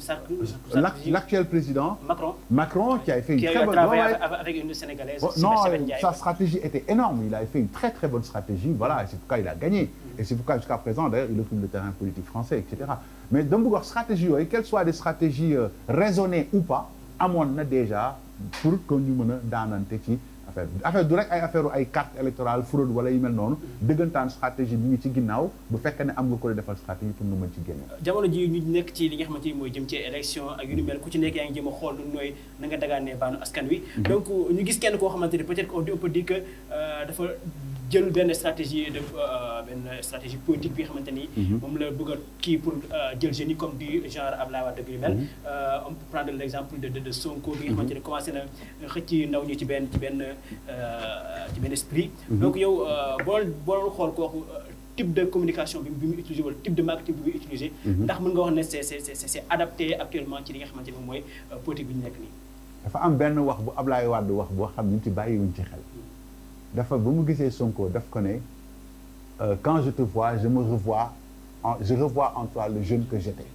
euh, l'actuel président. Macron Macron qui a fait une très bonne. avec une sénégalaise. non sa stratégie était énorme il a fait une très très bonne stratégie voilà et c'est pourquoi il a gagné. et c'est pourquoi jusqu'à présent d'ailleurs il occupe le terrain politique français et cetera mais dama bëgg wax stratégie yooyu quelles soient des stratégies raisonnées ou pas amoon na déjà pour que ñu mën a daanante ci. affaire du rek ay affaire ay carte électorale fraude wala yu mel noonu dëggantaan stratégie bi ngi ci ginnaaw bu fekkee ne am nga ko defal stratégie pour nga mën ci génne jamono ji ñu nekk ci li nga xamante ni mooy jëm ci élection ak yu ni mel ku ci nekk yaa ngi jëm a xool lu nooy na nga dagaanee baanu askan wi mhm. donc ñu gis kenn koo xamante ni peut-être qu'on peut dire que euh, dafa jël benn stratégie de euh, benn stratégie politique bi nga xamante ni. Mhm. moom la bëgg kii pour euh, jël jeunes comme du genre ab Wade yu mel. Mhm. Euh, on peut prendre l' de de de Sonko bi nga mhm. xamante ni commencé na xëcc ndaw ñu ci benn ci benn ci benn esprit. donc yow bool boo xool kooku type de communication bi mu utilisé wala type de marketing bi muy utilisé. ndax mën nga wax ne c' est c' est actuellement ci li nga xamante ni moom mooy politique bi ñu nekk nii. dafa am benn wax bu Abdoulaye Wade wax boo xam ni ñu ci bàyyiwuñ ci xel. dafa ba mu gisee Sonko daf ko ne euh, quand je te vois je revois en je revois en toi le jeune que j'étais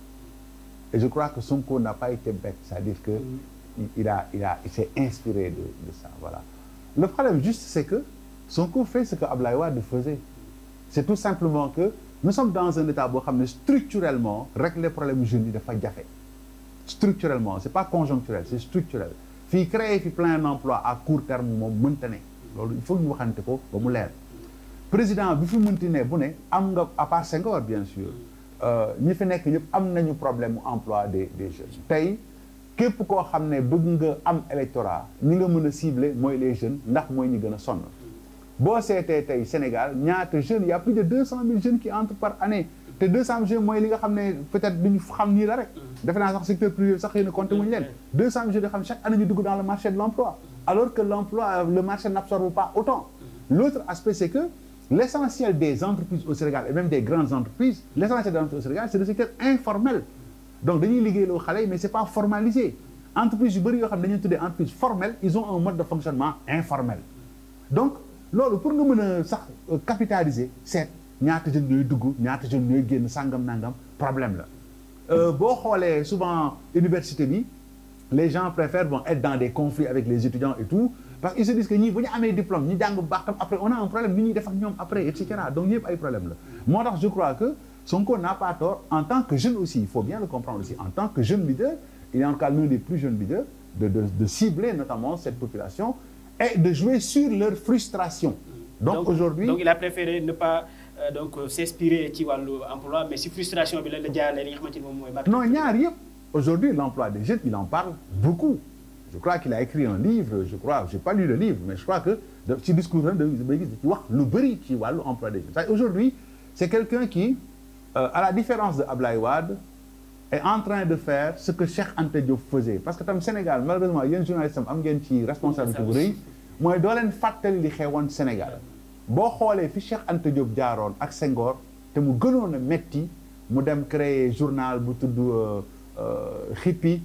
et je crois que Sonko n'a pas été bête cest à que mm. a il a il de de voilà le problème juste c'est que Sonko fait ce que Ablaye Wade faisait c'est tout simplement que nous sommes dans un état boo xam ne structurellement régler problème jeunes yi dafa jafe structurellement c'est pas conjoncturel c'est structurel fii créer fi plein d'emplois à court terme moom mënta ne loolu il faut ñu waxante ko ba mu leer président bi fi munti ne bu ne am nga à part Senghor bien sûr euh, ñi fi nekk ñëpp am nañu problème mu emploi des des jeunes tey képp koo xam ne bëgg nga am électorat ñi nga mën a cibler mooy les jeunes ndax mooy ñi gën a sonn boo seetee tey Sénégal ñaata jeunes y a plus de deux cent mille jeunes qui entrent par année te deux cent mille jeunes mooy li nga xam ne peut-être duñu xam nii la rek defe sax secteur privé sax na compté wuñu leen mm-hmm. deux ne chaque année ñu dugg dans alors que l'emploi, le marché n'absorbe pas autant. Mm-hmm. L'autre aspect, c'est que l'essentiel des entreprises au Sénégal, et même des grandes entreprises, l'essentiel des entreprises au Sénégal, c'est le secteur informel. Donc, dañuy liggéey loo xale mais c'est pas formalisé. entreprise yu bëri yoo xam ne dañuy tuddee entreprise formelle ils ont un mode de fonctionnement informel. donc loolu pour nga mën a sax euh, capitaliser seet ñaata jeunes ñooy dugg ñaata jeunes ñooy génn sàngam nangam problème la euh, boo xoolee souvent université bi. les gens préfèrent bon être dans des conflits avec les étudiants et tout parce qu'ils se disent que ñii bu ñu amee diplôme ñu jàng après on a un problème ni ñuy def ak ñoom après et cetera donc yëpp ay problème la moo je crois que Sonko n'a pas tort en tant que jeune aussi il faut bien le comprendre aussi en tant que jeune leader il est de cibler notamment cette population et de jouer sur leur frustration. donc, il a préféré euh, euh, frustration bi la la jaarale yëpp. Aujourd'hui, l'emploi des jeunes, il en parle beaucoup. Je crois qu'il a écrit un livre, je crois, je n'ai pas lu le livre, mais je crois que ci discours am lu ci wàllu emploi des jeunes. Aujourd'hui, c'est quelqu'un qui, euh, à la différence de Ablaye Wade, est en train de faire ce que Cheikh Anta Diop faisait parce que tam Sénégal malheureusement yéen journaliste am am ngeen ci responsabilité bu rëy mooy doo leen fàttali li xewoon Sénégal boo xoolee fi Cheikh Anta Diop jaaroon ak Senghor te mu gënoon a metti mu dem créer journal bu tudd euh, Euh, xippi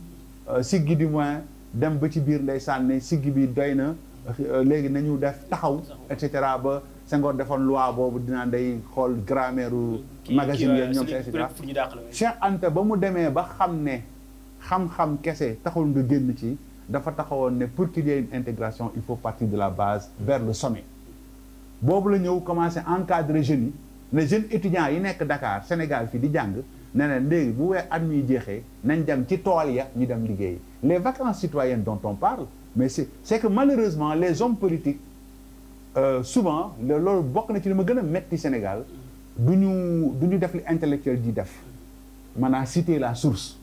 euh, siggi du moins dem ba ci biir ndeysaan ne siggi bi doy na euh, léegi nañu def taxaw et cetera ba Senghor defoon loi boobu dinaa day xool grammaire magazine yooyu ñoom et cetera Cheikh Anta ba mu demee ba xam ne xam-xam kese taxul nga génn ci dafa taxawoon ne pour qu'il y une intégration il faut partie de la base vers le sommet boobu la ñëw commencé encadrer jeunes yi ne jeunes étudiants yi nekk Dakar Sénégal fii di jàng ne ne léegi bu weer at mi jeexee nañ dem ci tool ya ñu dem liggéey les vacances citoyennes dont on parle mais c'est c'est que malheureusement les hommes politiques euh, souvent loolu bokk na ci li ma gën a metti Sénégal du ñu du ñu def li intellectuel di def maanaam citer la source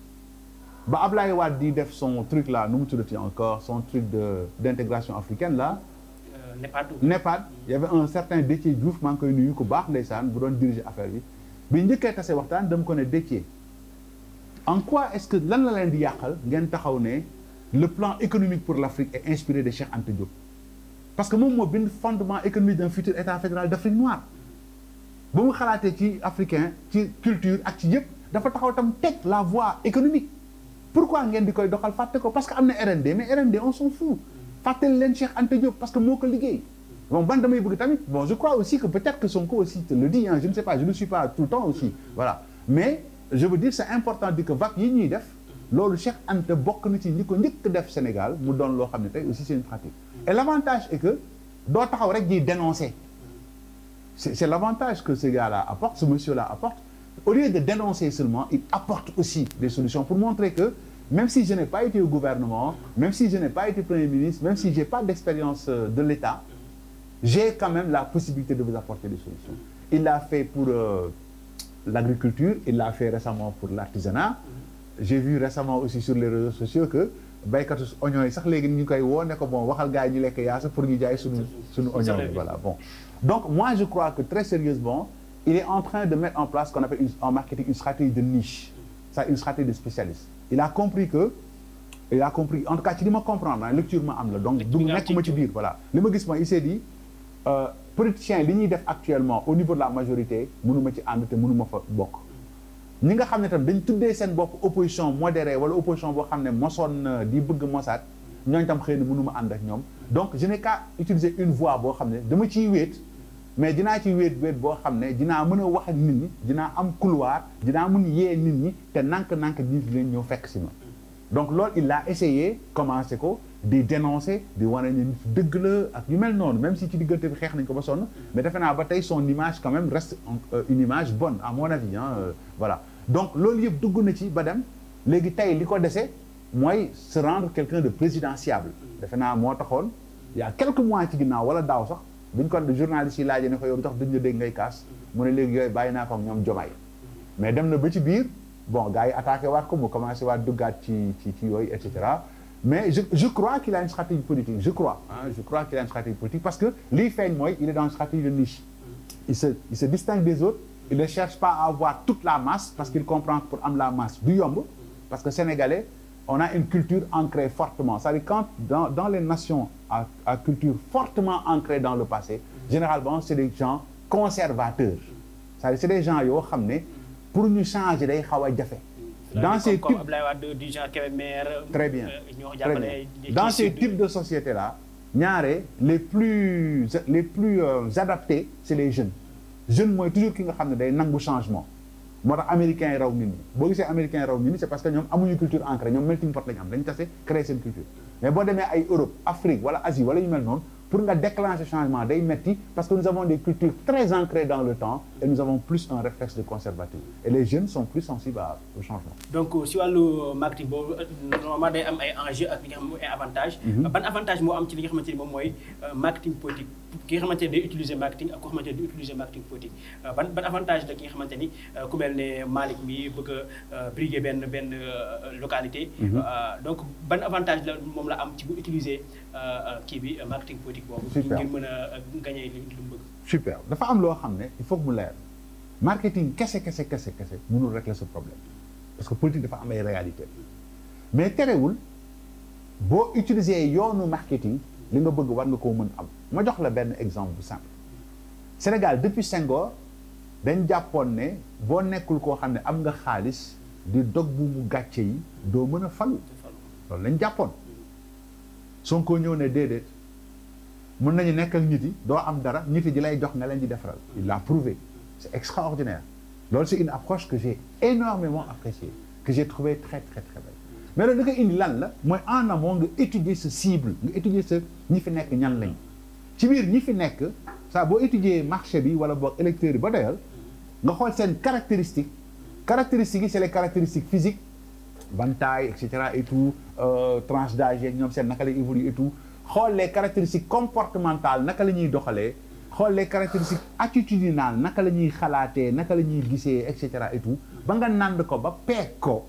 ba Ablaye Wade di def son truc là nu mu tuddati encore son truc de d'intégration africaine là euh, NEPAD. NEPAD il y avait un certain Déthié Diouf maa ngi koy nuyu ku baax ndeysaan bu doon diriger affaire bi bi njëkkee tase waxtaan dama ko ne Déthié en quoi est-ce que lan la leen di yàqal ngeen taxaw ne le plan économique pour l'Afrique est inspiré de Cheikh Anta Diop parce que moom moo bind fondement économique d'un futur état fédéral d'Afrique noire ba mu xalaatee ci africain ci culture ak ci yëpp dafa taxaw tam teg la voie économique pourquoi ngeen di koy doxal fàtte ko parce que am na RND mais RND on s'en fout fàttali leen Cheikh Anta parce que moo ko liggéey bon man damay bëgg tamit bon je crois aussi que peut-être que Sonko aussi te le dit hein je ne sais pas je ne suis pas tout le temps aussi voilà mais je veux dire c'est important di que vagues yi ñuy def loolu Cheikh Anta bokk na ci ñi ko def Sénégal mu doon loo xam ne tey aussi c'est une pratique et l'avantage est que doo taxaw rek di dénoncer c'est c'est l'avantage que ce gars-là apporte ce monsieur-là apporte au lieu de dénoncer seulement il apporte aussi des solutions pour montrer que même si je n'ai pas été au gouvernement même si je n'ai pas été Premier ministre j'ai quand même la possibilité de vous apporter des solutions. Il l'a fait pour euh, l'agriculture, il l'a fait récemment pour l'artisanat. J'ai vu récemment aussi sur les réseaux sociaux que béykatu oignon yi sax léegi ñu koy woo ne ko bon waxal gars yi ñu lekk pour ñu jaay suñu suñu moi je crois que très sérieusement il est en train de mettre en place ce marketing une stratégie niche ça une stratégie de spécialiste il a compris que il a compris en tout cas ci li comprendre lecture ma am la donc du voilà li ma gis mooy il s'est dit Euh, politiciens li ñuy def actuellement au niveau de la majorité mënuma ci ànd te mënuma fa bokk ñi nga xam ne tam dañ tuddee seen bopp opposition modérée wala opposition boo xam ne mosoon na di bëgg mosaat ñooñ tam xëy na mënuma ànd ak ñoom donc je n'ai qu'à utiliser une voix boo xam ne dama ciy wéet mais dinaa ci wéet wéet boo xam ne dinaa mën a wax ak nit ñi dina am couloir dinaa mën yee nit ñi te nank-nank nit leen ñëw fekk si ma donc loolu il a essayé commencé ko di dénoncer di wane ne dëgg la ak yu mel noonu même si ci diggante bi xeex nañ ko ba sonn mais defe naa ba tey son image quand même reste euh, une image bonne à mon avis hein euh, voilà donc loolu yëpp dugg na ci ba dem léegi tey li ko dese mooy se rendre quelqu'un de présidentiable defe naa moo taxoon il y a mois ci ginnaaw wala daaw sax buñ ko journaliste yi laajee ne ko yow tax duñ la dégg ngay kaas mu ne léegi yooyu bàyyi naa ko ak ñoom jomaay mais dem na ba ci biir bon gars yi attaqué waat ko mu commencé waat duggaat ci ci ci yooyu et cetera mais je je crois qu'il a une stratégie politique je crois ah je crois qu'il a une stratégie politique parce que liy feeñ mooy il est dans une stratégie de niche il se il se distingue des autres il ne cherche pas à avoir toute la masse parce qu'il comprend que pour am la masse du yomb parce que sénégalais on a une culture ancrée fortement c'est-à-dire quand dans dans les nations à, à culture fortement ancrée dans le passé généralement c'est des gens conservateurs c'est-à-dire c'est des gens yoo xam ne pour ñu changer day xaw a jafe dans ces types très euh, bien euh, très bien dans ces types de sociétés là ñaare les plus les plus euh, adaptés c'est les jeunes jeunes mooy toujours ki nga xam ne day nangu changement moo tax américains yi raw nit ñi boo gisee américains yi raw nit ñi c'est parce que ñoom amuñu culture ancrée ñoom melting pot la am dañu tase créer seen culture mais boo demee ay Europe Afrique wala Asie wala ñu mel noonu pour nga déclencher changement day metti parce que nous avons des cultures très ancrées dans le temps et nous avons plus un réflexe de conservateur et les jeunes sont plus sensibles au changement. donc euh, si wàllu euh, am ay li nga xam ne mhm. euh, politique. ki nga xamante ne day utiliser marketing ak ko xamante ne utiliser marketing politique euh, ban avantage la ki xamante ni euh, ku mel ne Malick mi bëgg a euh, briguer benn benn localité. Mhm. donc ban avantage la moom la am ci bu utiliser kii bi marketing politique boobu. super mën a gagner li mu bëgg. dafa am loo xam ne il faut que mu leer marketing kese kese kese kese mënul régler ce problème parce que politique dafa am ay réalité mais terewul boo utiliser yoonu marketing. li nga bëgg war nga koo mën am ma jox la benn exemple bu simple Sénégal depuis Senghor dañ jàppoon ne boo nekkul koo xam ne am nga xaalis di dog bu mu gàcce yi doo mën a falu loolu lañ jàppoon Sonko ñëw ne déedéet mun nañu nekk ak nit doo am dara nit yi di lay jox nga leen di defaral il l'a prouvé c'est extraordinaire loolu c'est une approche que j'ai énormément appréciée que j'ai trouvé très très très mais nag li indi lan la mooy en amont nga étudier sa cible nga étudier sa ñi fi nekk ñan lañ ci biir ñi fi nekk saa boo étudier marché bi wala boog électeur bi ba doyal nga xool seen caractéristique caractéristiques yi c'est les caractéristiques physiques ban taille et cetera et tout euh, tranche ñoom seen naka lay évoluer et tout xool les caractéristiques comportementales naka la ñuy doxalee xool les caractéristiques attitudinales naka la ñuy xalaatee naka la ñuy gisee et cetera et ba nga nànd ko ba peeg ko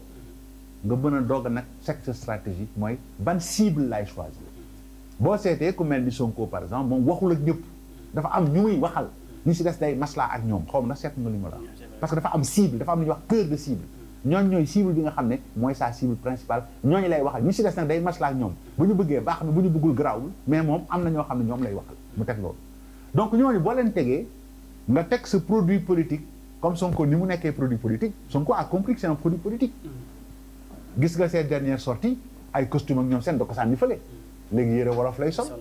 nga mën a doog a nag secte stratégique mooy ban cible lay choisir boo seetee ku mel ni Sonko par exemple moom waxul ak ñëpp dafa am ñu muy waxal ñu si des day maslaa ak ñoom xaw ma seet nga li ma la parce que dafa am cible dafa am lu ñuy wax cœur de cible ñooñ ñooy bi nga xam ne mooy sa cible principale ñooñu lay waxal ñu si des nag day maslaa ak ñoom bu ñu bëggee baax na bu ñu bëggul garaawul mais moom am na ñoo xam ne ñoom lay waxal mu teg loolu donc ñooñu boo leen tegee nga teg sa produit politique comme Sonko ni mu nekkee produit politique Sonko a compris que produit politique gis nga seen dernière sortie ay costume ak ñoom seen da ko sànni fële léegi yére wolof lay sol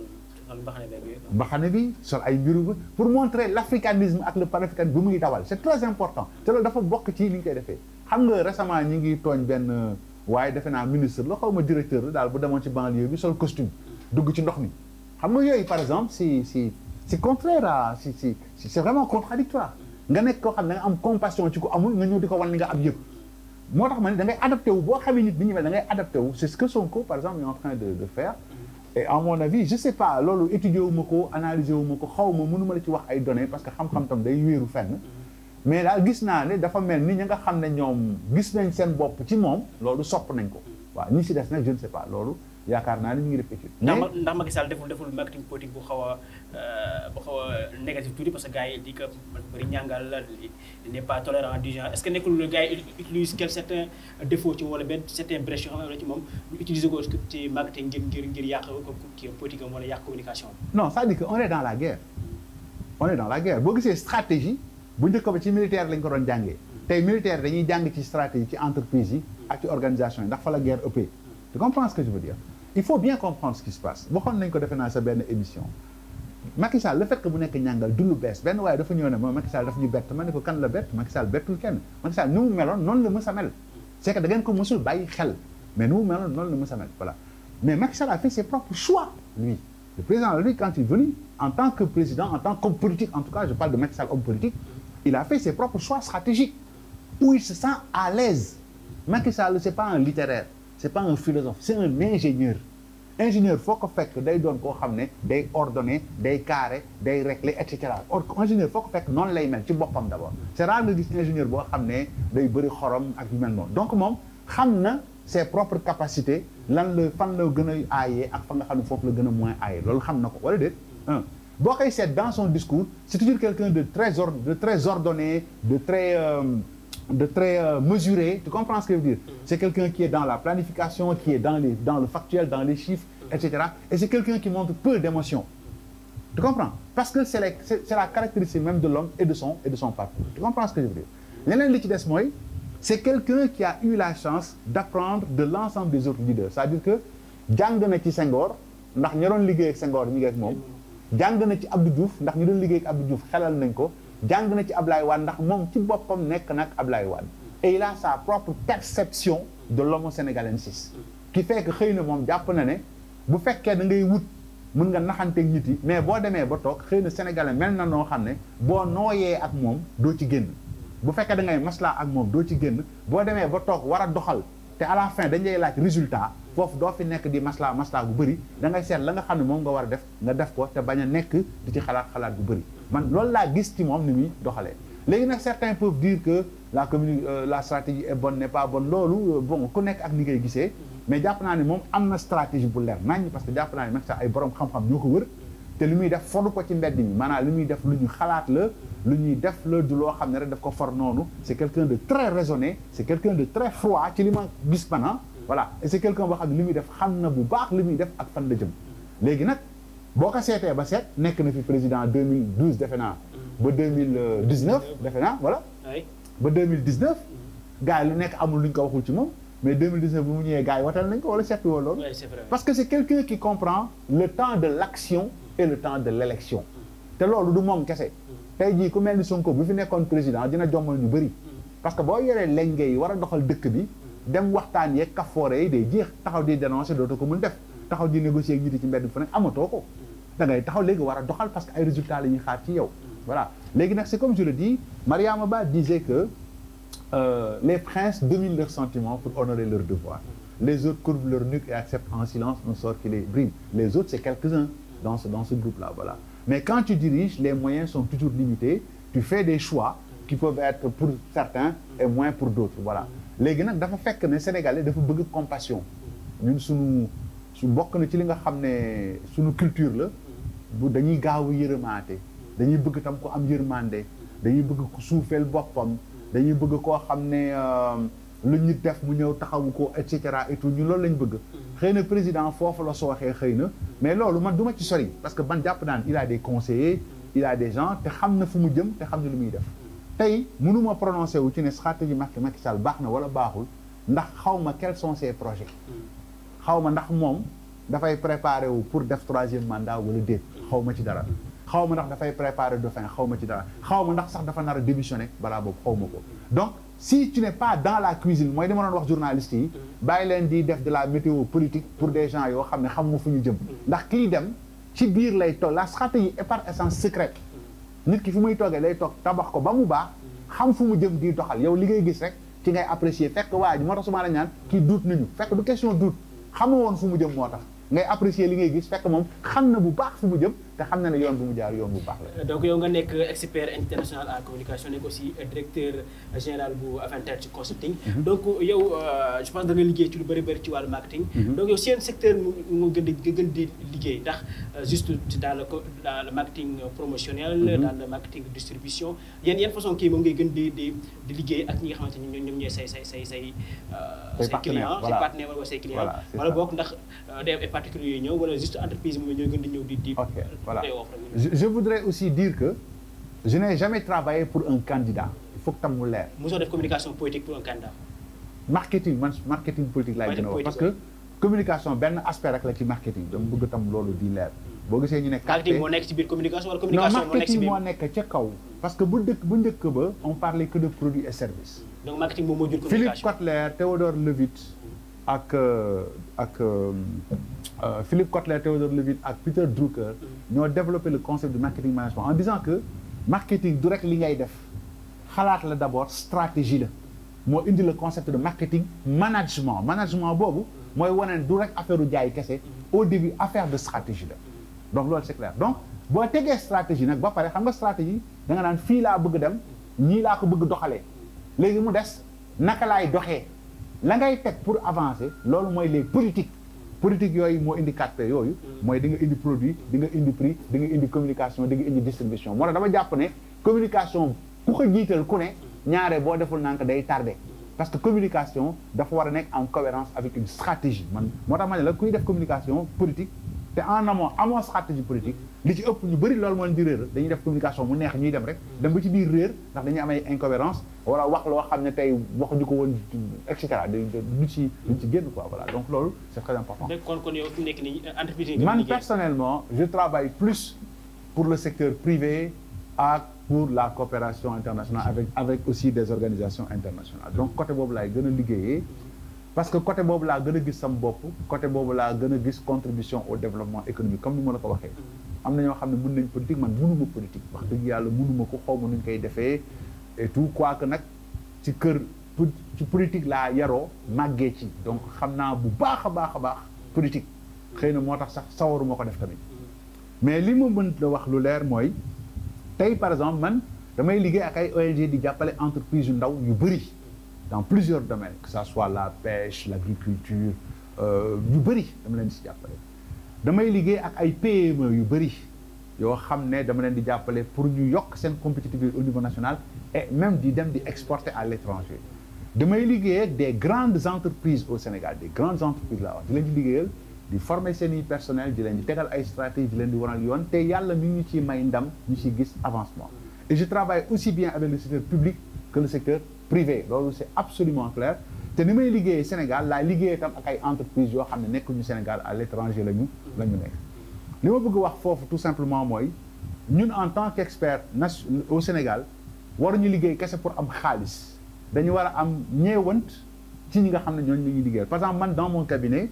baxane bi sol ay mbiru pour montrer l'africanisme ak le panafricanisme bi mu ngi dawal c'est très important te loolu dafa bokk ci li ñu koy defee xam nga récemment ñu ngi tooñ benn waaye defe naa ministre la xaw ma directeur la daal bu demoon ci banlieue bi sol costume dugg ci ndox mi xam nga yooyu par exemple si si c'est contraire à si si c'est vraiment contradictoire nga nekk koo xam ne nga am compassion ci ku amul nga ñëw ko wan li nga am yëpp moo tax ma ne da ngay adapté wu boo xamee nit bi ñu mel da ngay adapté wu c'est ce que Sonko par exemple est en train de de et à mon avis je sais pas loolu étudier wu ma ko analyser wu ko xawma mënuma la ci wax ay données parce que xam-xam tam day wéeru fenn mais daal gis naa ne dafa mel ni ñi nga xam ne ñoom gis nañ seen bopp ci moom loolu sopp nañ ko waaw ñi si des nag je ne sais pas loolu yaakaar naa ni ñu ngi def étude. ndax ma ndax Macky Sall deful deful marketing politique bu xaw a euh, bu xaw a négatif tuuti parce que gars yi di ko bëri ñàngal la n'est pas tolérant du genre est ce que nekkul gars yi utilise quel certain défaut ci wala benn certain brèche yoo xam ne ci moom ñu utiliser ko ci marketing ngir ngir ngir yàq ko kii politique am wala yàq communication non c'est-à-dire que on est dans la guerre on est dans la guerre boo gisee stratégie bu njëkk ba ci militaire lañ ko doon jàngee tey militaire dañuy jàng ci stratégie ci entreprise yi ak ci organisation yi ndax fa la guerre ëppee tu comprends ce que je veux dire il faut bien comprendre ce qui se passe waxoon nañ ko defe naa sa benn émission Macky Sall le fait que mu nekk ñàngal du lu bees benn waaye dafa ñëw ne ma Macky Sall dafa ñu bett ma ne ko kan la bett Macky Sall bettul kenn Macky Sall ni mu meloon noonu la mës a mel c'est que da ngeen ko mësul bàyyi xel mais ni mu meloon noonu la mës a mel voilà mais Macky Sall a fait ses propres choix lui le président lui quand il est venu en tant que président en tant qu'homme politique en tout cas je parle de Macky Sall homme politique il a fait ses propres choix stratégiques où il se sent à l'aise Macky Sall c'est pas un littéraire c'est pas un philosophe c'est un ingénieur ingénieur foo ko fekk day doon koo xam ne day ordonné day carré day réglé et cetera or ingénieur foo ko fekk noonu lay mel ci boppam d'abord c'est rare nga gis ingénieur boo xam ne day bëri xorom ak yu mel noonu donc moom xam na ses propres capacités lan la fan la gën a aayee ak fan nga xam ne foofu la gën a moins aayee loolu xam na ko wala déet un boo koy seet dans son discours c'est toujours quelqu'un de très or de très ordonné euh, de très mesure mesuré. Tu comprends ce que je veux dire C'est quelqu'un qui est dans la planification, qui est dans, les, dans le factuel, dans les chiffres, etc. Et c'est quelqu'un qui montre peu d'émotions. Tu comprends Parce que c'est la, la, caractéristique même de l'homme et de son, parcours. Tu comprends ce que je veux dire L'élève Lichides Moy, c'est quelqu'un qui a eu la chance d'apprendre de l'ensemble des autres leaders. C'est-à-dire que jàng na ci Senghor ndax ñi liggéey ak Senghor ñu ngi moom jàng na ci Abdou Diouf ndax ñi doon liggéey ak Abdou Diouf nañ ko jàng na ci Ablaye Wade ndax moom ci boppam nekk nag Ablaye Wade et il a sa propre perception de l'homo sénégalensis qui fait que xëy na moom jàpp na ne bu fekkee da ngay wut mun nga naxanteeg nit yi mais boo demee ba toog xëy na sénégalais mel na noo xam ne boo nooyee ak moom doo ci génn bu fekkee da ngay maslaa ak moom doo ci génn boo demee ba toog war a doxal te à la fin dañ lay laaj résultat foofu doo fi nekk di maslaa maslaa bu bëri da ngay seet la nga xam ne moom nga war a def nga def ko te bañ a nekk di ci xalaat xalaat bu bëri man loolu laa gis ci moom lu muy doxalee léegi nag certains peuvent dire que la communi euh, la stratégie est bonne n'est pas bonne loolu euh, bon ku nekk ak ni ngay gisee mais jàpp naa ne moom am na stratégie bu leer nañ parce que jàpp naa ne même sax ay borom xam-xam ñoo ko wër te li muy def foru ko ci mbedd mi maanaa li muy def lu ñu xalaat la lu ñuy def la du loo xam ne rek daf ko for noonu c'est quelqu'un de très raisonné c'est quelqu'un de très froid ci li ma gis man ah. voilà et c'est quelqu'un muy def xam na bu baax li muy def ak fan la jëm léegi nag boo ko seetee ba seet nekk na fi président 2012 defe naa. ba 2019 defe naa voilà. ba 2019. gars yi lu nekk amul lu ñu ko waxul ci moom mais 2019 bu mu ñëwee gars yi watal nañ ko wala seetlu woon loolu. parce que c' est quelqu'un qui comprend le temps de l' action et le temps de l' te loolu du moom kese. tey jii ku mel ni Sonko bu fi nekkoon président dina jommal ñu bëri. parce que boo yoree lenge yi war a doxal dëkk bi. dem waxtaan yeeg kafoore yi day jeex taxaw di dénoncer dootoo ko mën def. taxaw di négocier ak ñi ci amatoo ko. da ngay taxaw léegi war a doxal parce que ay résultats la ñuy xaar ci yow. voilà léegi nag c'est comme je le dis Mariama Ba disait que euh, les princes dominent leurs sentiments pour honorer leur devoir les autres courbent leur nuque et acceptent en silence un sort qui les brime les autres c'est quelques-uns dans ce groupe-là mais quand tu diriges les moyens sont toujours limités tu fais des choix qui peuvent être pour certains et moins pour d'autres voilà léegi nag dafa fekk ne sénégalais dafa bëgg compassion suñu su bokk na ci li nga xam ne suñu culture la bu dañuy gaaw a yërëmaate dañuy bëgg tam ko am yërmande dañuy bëgg ku suufeel boppam dañuy bëgg koo xam ne euh, lu ñu def mu ñëw taxawu ko et cetera et tout ñu loolu lañu bëgg xëy na président foofu la sooxee xëy na mais loolu man du ma ci sori parce que ban jàpp naan il a des conseillers il a des gens te xam na fu mu jëm te xam na lu muy def tey mënuma prononcé wu ci ne stratégie Macky Macky Sall baax na wala baaxul ndax xaw ma quels sont ses projets xaw ma ndax moom dafay préparé wu pour def troisième mandat wala déet xaw ma ci dara xaw ma ndax dafay préparer dauphin xaw ma ci dara xaw ma ndax sax dafa nar a démissionner balaa boobu xaw ma ko donc si tu n'es pas dans la cuisine mooy li ma doon wax journaliste yi bàyyi leen di def de la météo politique pour des gens yoo xam ne xam nga fu ñu jëm ndax kii dem ci biir lay toog la stratégie est par essence secrète nit ki fu muy toogee lay toog tabax ko ba mu baax xam fu mu jëm di doxal yow li ngay gis rek ci ngay apprécier fekk waa ji moo tax su ñaan kii duut nañu fekk du question duut xamu woon fu mu jëm moo tax ngay apprécier li ngay gis fekk moom xam na bu baax fi mu jëm te xam na ne yoon bu mu jaar yoon bu baax la. donc yow nga nekk expert international en communication nekk aussi directeur général bu Avantage Consulting. Mhm. donc yow euh, je pense da liggéey ci lu bëri bëri ci wàllu marketing. Mhm. donc yow seen secteur mu mu gën di gën di liggéey ndax euh, juste dans le dans le marketing promotionnel. Mhm. dans le marketing distribution yan yan façon kii moom ngay gën di di di liggéey ak ñi nga xamante ne ñoom ñooy say say say say. Euh, say clients say partenaires wala say ndax day am ñëw wala juste entreprise moom ñooy gën di ñëw di. voilà je, je voudrais aussi dire que je n'ai jamais travaillé pour un candidat il faut que tam mu leer. mosoo def communication politique pour un candidat. marketing man marketing politique laay gën a wax parce que communication benn aspect rek la ci marketing dama bëgg tam loolu di leer. boo gisee ñu ne. marketing moo nekk ci biir communication wala communication moo nekk ci biir non marketing moo nekk ca kaw. parce que bu dëkk bu njëkk ba on parlait que de produits et services. donc marketing moom moo jur communication Philippe Kotler Théodore Levitt ak euh, ak. Euh, Euh, Philippe Kotler, Theodore Levin ak Peter Drucker ñoo développé le concept de marketing management en disant que marketing du rek li ngay def xalaat la d'abord stratégie la moo indi le concept de marketing management management boobu mooy waneen du rek affaire u jaay kese au début affaire de stratégie la donc loolu c'est clair donc boo tegee stratégie nag ba pare xam nga stratégie da nga naan fii laa bëgg dem ñii laa ko bëgg doxalee léegi mu des naka laay doxee la ngay teg pour avancer loolu mooy les politiques politique yooyu moo indi 4P yooyu. Mm. mooy di nga indi produit di indi prix di nga indi communication di nga indi distribution moo tax dama jàpp ne communication ku ko jiital ku ne ñaare boo deful nank day tardé. parce que communication dafa war a nekk en cohérence avec une stratégie man moo tax ma ne la kuy def communication politique. te en amont amoo stratégie politique li ci ëpp ñu bëri loolu moo leen di réer dañuy def communication mu neex ñuy dem rek dem ba ci biir réer ndax dañu am ay wala wax loo xam ne tey waxuñu ko woon et cetera duñ ci duñ ci génn quoi voilà donc lool c' est très important. kon kon yow travaille plus pour le secteur privé ak pour la coopération internationale avec avec aussi des organisations internationales donc côté boobu laay gën a liggéeyee. parce que côté boobu laa gën a gis sam bopp côté boobu laa gën a gis contribution au développement économique comme ni ma la ko waxee am na ñoo xam ne mën nañ politique man mënuma politique wax dëgg yàlla mënuma ko xawma nuñ koy defee et tout quoi que nag ci kër ci politique laa yaroo màggee ci donc xam naa bu baax a baax a baax politique xëy na moo tax sax sawaruma ko def tamit mais li ma mën la wax lu leer mooy tey par exemple man damay liggéey ak ay ONG di jàppale entreprise yu ndaw yu bëri dans plusieurs domaines que ça soit la pêche l'agriculture euh, yu bëri dama leen di si jàppale damay liggéey ak ay PME yu bëri yoo xam ne dama leen di jàppale pour ñu yokk seen compétitivité au niveau national et même di dem di exporter à l'étranger damay liggéey ak des grandes entreprises au Sénégal des grandes entreprises la wax di leen di seen i personnel di leen di ay stratégie leen di waral yoon te yàlla mi ñu ciy may ndam ñu ciy gis avancement et je travaille aussi bien avec le secteur public que le secteur privé loolu c'est absolument clair te ni may liggéeyee Sénégal la liggéey tam ak ay entreprises yoo xam ne nekkuñu Sénégal à l'étranger lañu la ñu nekk li ma bëgg wax foofu tout simplement mooy ñun en tant qu'expert au Sénégal waruñu liggéey kese pour am xaalis dañu war a am ñeewant ci ñi nga xam ne ñooñu la ñuy liggéeyal exemple man dans mon cabinet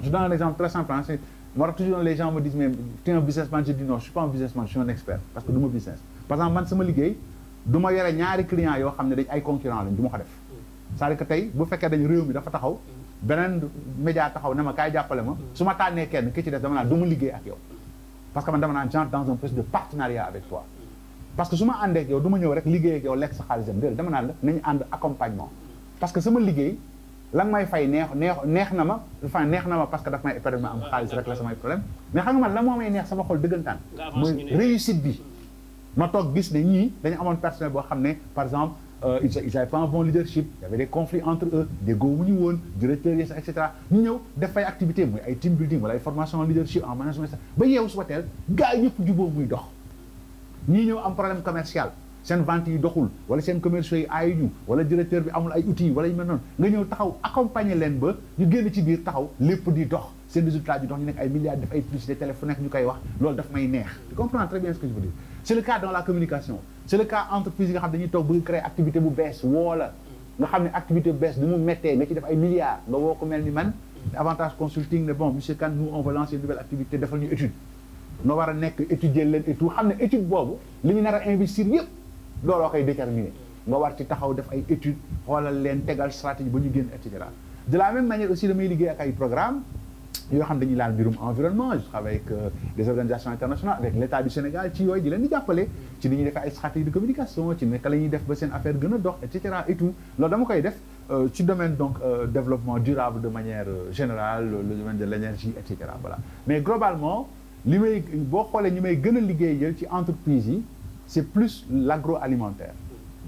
je donne un exemple très simple moo toujours les gens me dis non je suis pas un businessman je suis un expert parce que du ma business par du ma yore ñaari client yoo xam ne dañ ay concurrent lañ du ma def c'est-à-dire tey bu fekkee dañ réew mi dafa taxaw beneen média taxaw ne ma kaay jàppale ma su ma tànnee kenn ma liggéey ak yow parce que man dama naan genre dans un processus de partenariat ma ñëw rek liggéey ak yow lekk sa xaalisam déedéet dama naan la nañu ànd accompagnement parce que sama liggéey lan may fay neex neex neex na ma enfin neex na ma parce que daf may permettre ma am xaalis rek la samay problème mais xam nga man la moo may neex sama xol dëggantaan mooy réussite bi ma toog gis ne ñii dañu amoon personnel boo xam ne par exemple euh, ils ils avaient pas un bon leadership y avait des conflits entre eux déggoo wu ñu woon directeurs yi sax et cetera ñu ñëw defay fay activité mooy ay team building wala ay formation en leadership en management sax ba yeewu suba teel gars yi ñëpp juboo muy dox ñii ñëw am problème commercial seen vente yi doxul wala seen commerciaux yi ay ñu wala directeur bi amul ay outils wala yu mel noonu nga ñëw taxaw accompagner leen ba ñu génn ci biir taxaw lépp di dox seen résultat bi dox ñu nekk ay milliards def ay publicité téléphonique ñu koy wax loolu daf may neex tu comprends très bien ce que je veux dire c'est le cas dans la communication c'est le cas entreprise yi ni mu méttee nga ci def ay milliards nga woo ko mel ni man avantage consulting ne bon monsieur Kane nous on va lancer nouvelle activité defal ñu étude noo war a nekk étudier leen et tout xam ne étude boobu li ñu nar a investir yëpp looloo koy déterminer nga war a ci taxaw def ay étude xoolal leen tegal stratégie ba ñu génn et cetera de la même manière aussi ay programme yoo xam dañuy laal mbirum environnement je travaille avec des euh, organisations internationales avec l'état du Sénégal ci yooyu di leen di jàppale ci ni ñuy defee ay de communication ci naka la ñuy def ba affaire gën a dox et cetera et tout loolu dama koy def euh, ci domaine donc euh, développement de manière générale le domaine de l'énergie et mais globalement li may boo xoolee ñi may gën a liggéeyal ci entreprise yi c'est plus l'agroalimentaire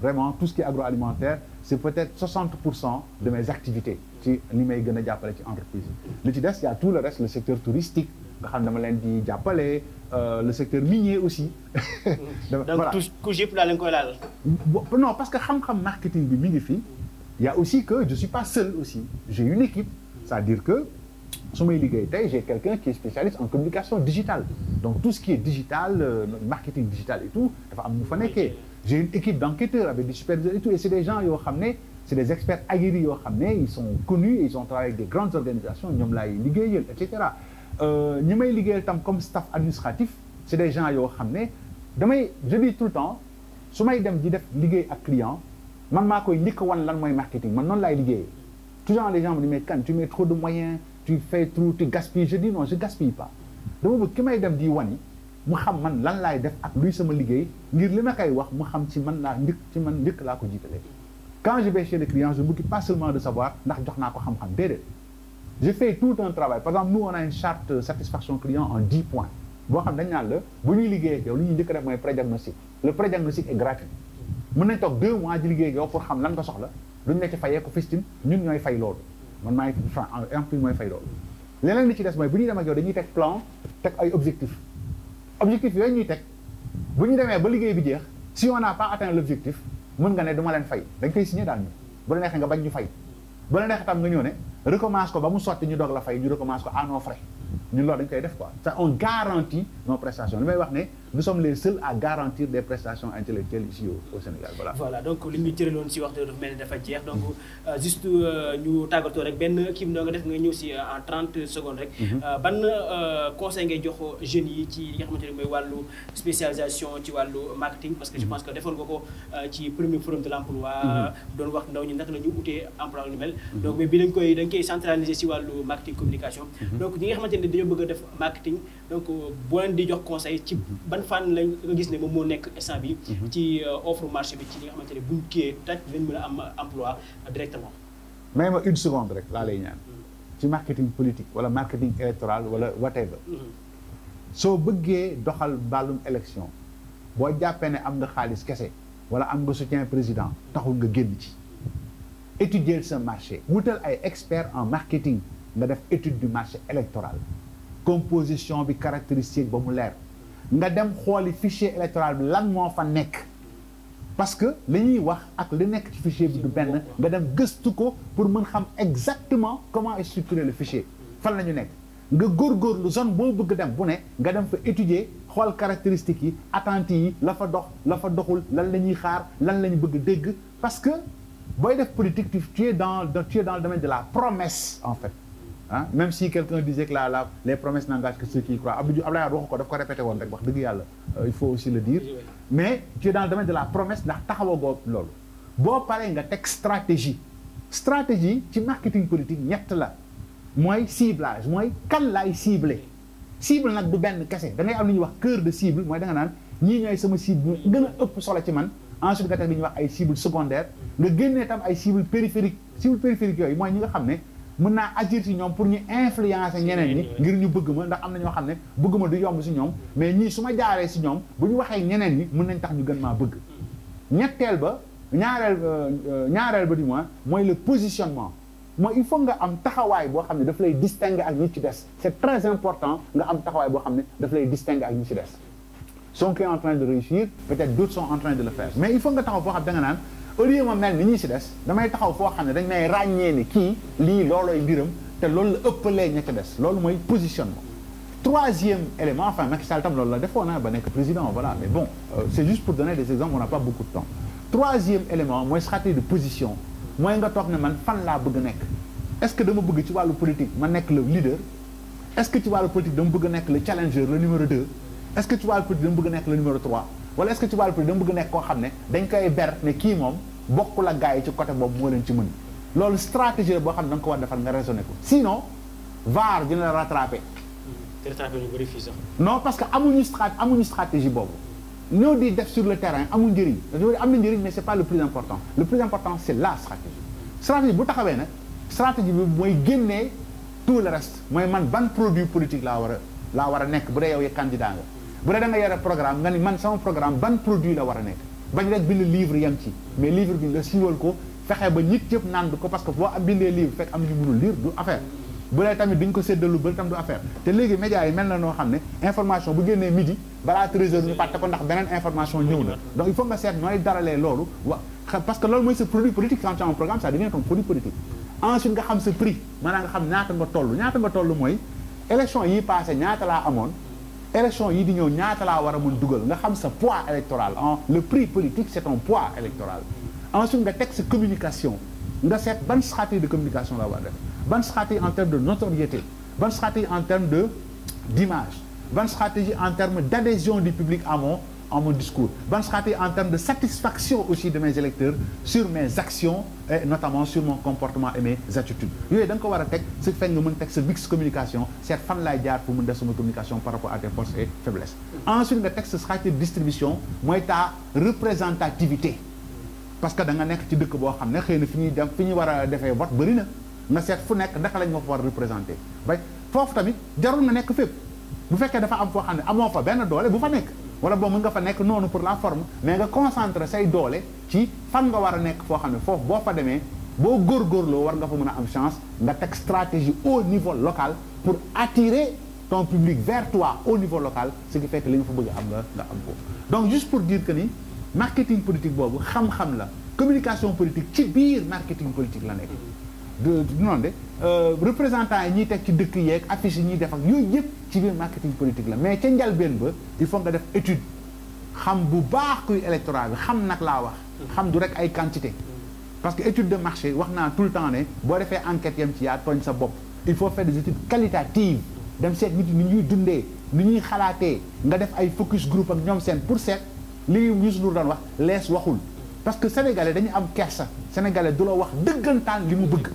vraiment tout ce qui est agroalimentaire c'est peut-être 60 pour cent de mes activités ci ni may gën a jàppale ci entreprise li ci des y a tout le reste le secteur touristique nga xam dama leen di jàppale euh, le secteur minier aussi. voilà donc couche yëpp daal lañ koy laal. non parce que xam-xam marketing bi mi ngi fi. y aussi que je suis pas seul aussi j'ai une équipe c'est-à-dire que su may liggéey tey j'ai quelqu'un qui est spécialiste en communication digitale donc tout ce qui est digital euh, marketing digital et tout dafa am ñu fa nekkee j'ai une équipe d'enquêteurs avec des superviseurs et c'est des gens yoo xam ne c'est des experts aguerris yoo xam ne ils sont connus et ils ont travaillé avec des grandes organisations ñoom laay liggéeyal et cetera euh, ñi may liggéeyal tam comme staff administratif c'est des gens yoo xam ne damay je dis tout le temps su may dem di def liggéey ak client man maa koy njëkk wan lan mooy marketing man noonu laay liggéeyee toujours les gens me disent mais Kane tu mets trop de moyens tu fais trop tu gaspilles je dis non je gaspille pas dama bëgg ki may dem di wani mu xam man lan laay def ak luy sama liggéey ngir li ma koy wax mu xam ci man laa njëkk ci man njëkk laa ko jiitalee quand je vais chez le client je m'occupe pas seulement de savoir ndax jox naa ko xam-xam déedéet je fais tout un travail par exemple nous on a une charte satisfaction client en 10 points boo xam dañ naan la bu ñuy liggéey ak yow ñuy njëkk a mooy prédiagnostic le prédiagnostic est gratuit mën nañ toog 2 mois di liggéey ak yow xam lan nga soxla duñ la ci fayee ko fistin ñun ñooy fay loolu man maay en plus mooy fay loolu leneen li ci des mooy bu ñuy dem ak yow dañuy teg plan teg ay objectif objectif ñuy teg bu ñu demee ba liggéey bi jeex si on n'a pas atteint l'objectif mën nga ne du leen fay dañ nga koy signé daal ñu bu la neexee nga bañ ñu fay bu la neexee tam nga ñëw ne recommence ko ba mu sotti ñu doog la fay ñu recommence ko à nos frais ñun loolu dañ koy def quoi ça on garantit nos prestations li may wax ne nous sommes les seuls à garantir des prestations intellectuelles ici au Sénégal voilà. donc li ñu cëraloon si waxtu dafa mel ni dafa jeex donc euh, juste euh, ñu tàggatoo rek benn kii bi nga def nga ñëw si euh, en trente secondes rek. Mhm. ban conseil ngay jox jeunes yi ci li nga xamante ne mooy wàllu spécialisation ci wàllu marketing parce que je mhm. pense que defoon nga ko ci premier forum de l'emploi mhm. doon wax ñu utee emploi lu mel. donc mais bi dañ koy dañ koy si wàllu marketing communication. donc ñi dañoo bëgg def marketing donc euh, boo leen jox conseil ci ban fànn lañ nga gis ne moom moo nekk instant bi mhm. ci euh, offre marché bi ci nga xamante ne buñ kiiyee taj lañ mën a am euh, emploi mais ma une seconde rek laa lay ñaan mhm. ci marketing politique wala marketing électoral wala whatever mhm. soo bëggee doxal bàllum élection boo jàppee ne am nga xaalis kese wala am nga soutien président taxul nga génn ci étudier sa marché wutal ay expert en marketing nga def étude du marché électoral composition bi caractéristique ba mu leer nga dem xooli fichier électoral bi lan moo fa nekk parce que li ñuy wax ak li nekk ci fichier bi du benn nga dem gëstu ko pour mën xam exactement comment est structuré le fichier fan la ñu nekk nga lu zone boo bëgg dem bu ne nga dem fa étudier xool caractéristiques yi attentes yi la fa dox la fa doxul lan la ñuy xaar lan la ñu bëgg dégg parce que booy def politique tu es dans tu es dans le domaine de la promesse en fait ah même si quelqu'un disait que la la les promesses n'engagent que ceux qui y croient Abdou Diouf Abdoulaye waxu ko daf ko répété woon rek wax dëgg yàlla euh, il faut aussi le dire mais tu es dans le domaine de la promesse ndax taxawagoo loolu boo paree nga teg stratégie stratégie ci marketing politique ñett la mooy ciblage mooy kan laay ciblé cible nag du benn kese da am lu ñuy wax cœur de cible mooy da nga naan ñii ñooy sama cible gën a ëpp solo ci man ensuite nga teg li ñuy wax ay cible tam ay cible périphérique cible périphérique yooyu mooy ñi nga xam ne mën naa agir ci ñoom pour ñu influencer ñeneen ñi ngir ñu bëgg ma ndax am na ñoo xam ne bëgg ma du yomb si ñoom mais ñii su ma jaaree si ñoom bu ñu waxee ñeneen ñi mën nañ tax ñu gën maa bëgg ñetteel ba ñaareel euh, ñaareel ba du moins mooy le positionnement mooy il faut nga am taxawaay boo xam ne daf lay distinguer ak ñi ci des c'est très important nga am taxawaay boo xam ne daf lay distinguer ak ñi si des Sonko est en train de réussir peut xam au lieu ma mel ni ñi si des damay taxaw foo xam ne da may ràññee ni kii lii loolooy mbiram te loolu la ëppalee ña ca des loolu mooy positionnement troisième élément enfin Macky Sall tam loolu la defoon na ba nekk président voilà mais bon euh, c'est juste pour donner des exemples on n'a pas beaucoup de temps troisième élément mooy stratégie de position mooy nga toog ne man fan laa bëgg nekk est-ce que dama bëgg ci wàllu politique ma nekk le leader est-ce que ci wàllu politique dama bëgg nekk le wala est-ce que Touba Lopry dama bëgg nekk koo xam ne dañ koy ber ne kii moom bokkul ak gars yi ci côté boobu moo leen ci mën loolu stratégie la boo xam ne da nga ko war defal nga raisonné ko sinon VAR dina la rattrapé. te rattrapé non parce que amuñu strat amuñu stratégie boobu ñoo di def sur le terrain amul njëriñ dafa am na njëriñ mais c'est pas le plus important le plus important c'est la stratégie. bu taxawee nag stratégie bi mooy génnee tout le reste mooy man ban produit politique laa laa war a nekk bu dee yow yi candidat nga. bu dee da nga yore programme nga ni man sama programme ban produit la war a nekk bañ rek bind livre yam ci mais livre bi nga siiwal ko fexe ba nit yëpp naan ko parce que boo bindee livre fekk am affaire bu dee tamit duñ ko séddalu ba tam du affaire te léegi médias yi mel na noo xam ne information bu génnee midi balaa 13h ñu fàtte ko ndax beneen information ñëw na donc il faut nga seet nooy daralee loolu wa parce que loolu mooy sa produit politique quand tu nga xam ñaata nga toll mooy élection yi ñaata laa amoon élection yi di ñëw ñaata laa war dugal nga xam sa poids électoral en le prix politique c'est un poids électoral ensuite nga teg sa communication nga seet ban stratégie de communication la war a def ban stratégie en termes de notoriété ban stratégie en termes de d'image ban stratégie en termes d'adhésion du public à mon en mon discours bonne en termes de satisfaction aussi de mes électeurs et notamment sur mon comportement et da nga ko war a teg su fekkee nga mën teg sa communication seet fan laay jaar pour mën def sama communication par rapport à tes forces et faiblesses distribution mooy ta représentativité parce que da nga nekk ci dëkk boo xam ne xëy na fi ñuy dem fi ñuy war a defee vote bëri na nga seet fu nekk naka lañ ma fa war a représenté foofu tamit jarul nga nekk fépp bu fekkee dafa am foo xam ne amoo fa benn doole bu fa nekk wala boobu mën nga fa nekk noonu pour la forme mais nga concentre say doole ci fan nga war a nekk foo xam ne foofu boo fa demee boo góor góorgóorloo war nga fa mën a am chance nga teg stratégie au niveau local pour attirer ton public vers toi au niveau local ce qui fait que li fa bëgg am nga nga am ko donc juste pour diir que ni marketing politique boobu xam-xam la communication politique ci biir marketing politique la nekk de noonu de Euh, représentant yi ñuy teg ci dëkk yeeg affiche yi ñuy def ak yooyu yëpp ci biir marketing politique la mais ca njalbeen ba il faut nga def étude xam bu baax kuy électorat bi xam nag laa wax. xam du rek ay quantité. parce que étude de marché wax naa tout le temps ne boo defee enquête yam ci yaa tooñ sa bopp il faut faire des études qualitatives dem seet nit ñi ñuy dundee ni ñuy xalaatee nga def ay focus group ak ñoom seen pour seet li Youssou Ndour doon wax lees waxul parce que sénégalais dañu am kersa sénégalais du la wax dëggantaan li mu bëgg.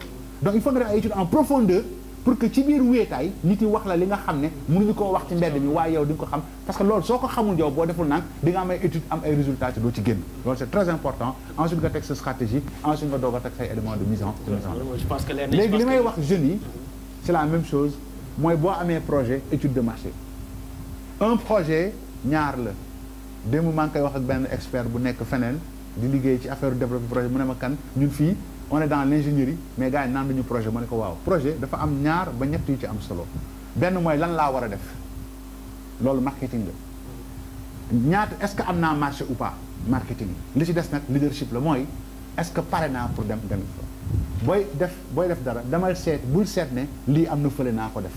donc il faudra ay étude en profondeur pour que ci biir wéetaay nit wax la li nga xam ne mënuñu koo wax ci mbedd mi waaye yow di nga ko xam parce que loolu soo ko xamul yow boo deful nang di nga am ay étude am ay résultats ci doo ci génn loolu c'est très important ensuite nga teg stratégie ensuite nga doog a teg say éléments de mise en œuvre léegi li may wax jeunes yi c'est la même chose mooy boo amee projet étude de marché un projet ñaar la démb maa ngi koy wax benn expert bu nekk feneen di liggéey ci affaire développement projet mu ne ma kan fii on est dans l'ingénierie mais gars yi naan nañu projet ma ne ko waaw projet dafa am ñaar ba ñett yu ci am solo benn mooy lan laa war a def loolu marketing la ñaata est-ce que am naa marché ou pas marketing li ci des nag leadership la mooy est-ce que pare naa pour dem dem booy def booy def dara demal seet bul seet ne lii am na fële naa ko def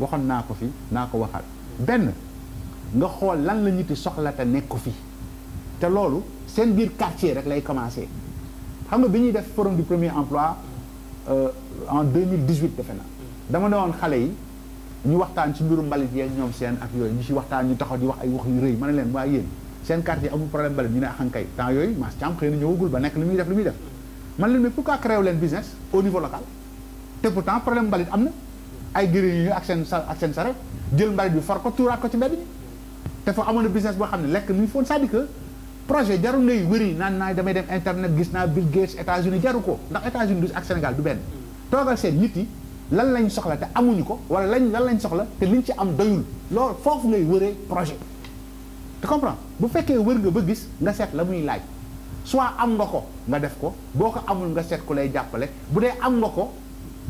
waxoon naa ko fi naa ko waxaat benn nga xool lan la ñitti soxla te nekk ko fi te loolu seen biir quartier rek lay commencer xam nga bi ñuy def forum du premier emploi euh, en 2018 defe na dama ne woon xale yi ñu waxtaan ci mbirum mbalit yeeg ñoom seen ak yooyu ñu ci waxtaan ñu taxaw di wax ay wax yu rëy ma ne leen waa yéen seen quartier amul problème mbalit ñu ne axankay temps yooyu Mass Thiam xëy muy def lu muy def man leen mais pourquoi créer leen business au niveau local te pourtant problème mbalit am na ay gëriñ ñu ak seen sa ak seen saret jël mbalit bi far ko tuuraat ko ci mbedd ñi te fa amoon na business boo xam ne lekk mi foon cest projet jarul ngay wëri naan naa damay dem internet gis naa Bill Gates États-Unis jaru ko ndax États-Unis ak Sénégal du benn toogal seen nit yi lan lañ soxla te amuñu ko wala lañ lan lañ soxla te liñ ci am doyul lool foofu ngay wëree projet tu comprends bu fekkee wër nga ba gis nga seet la muy laaj soit am nga ko nga def ko boo ko amul nga seet ku lay jàppale bu dee am nga ko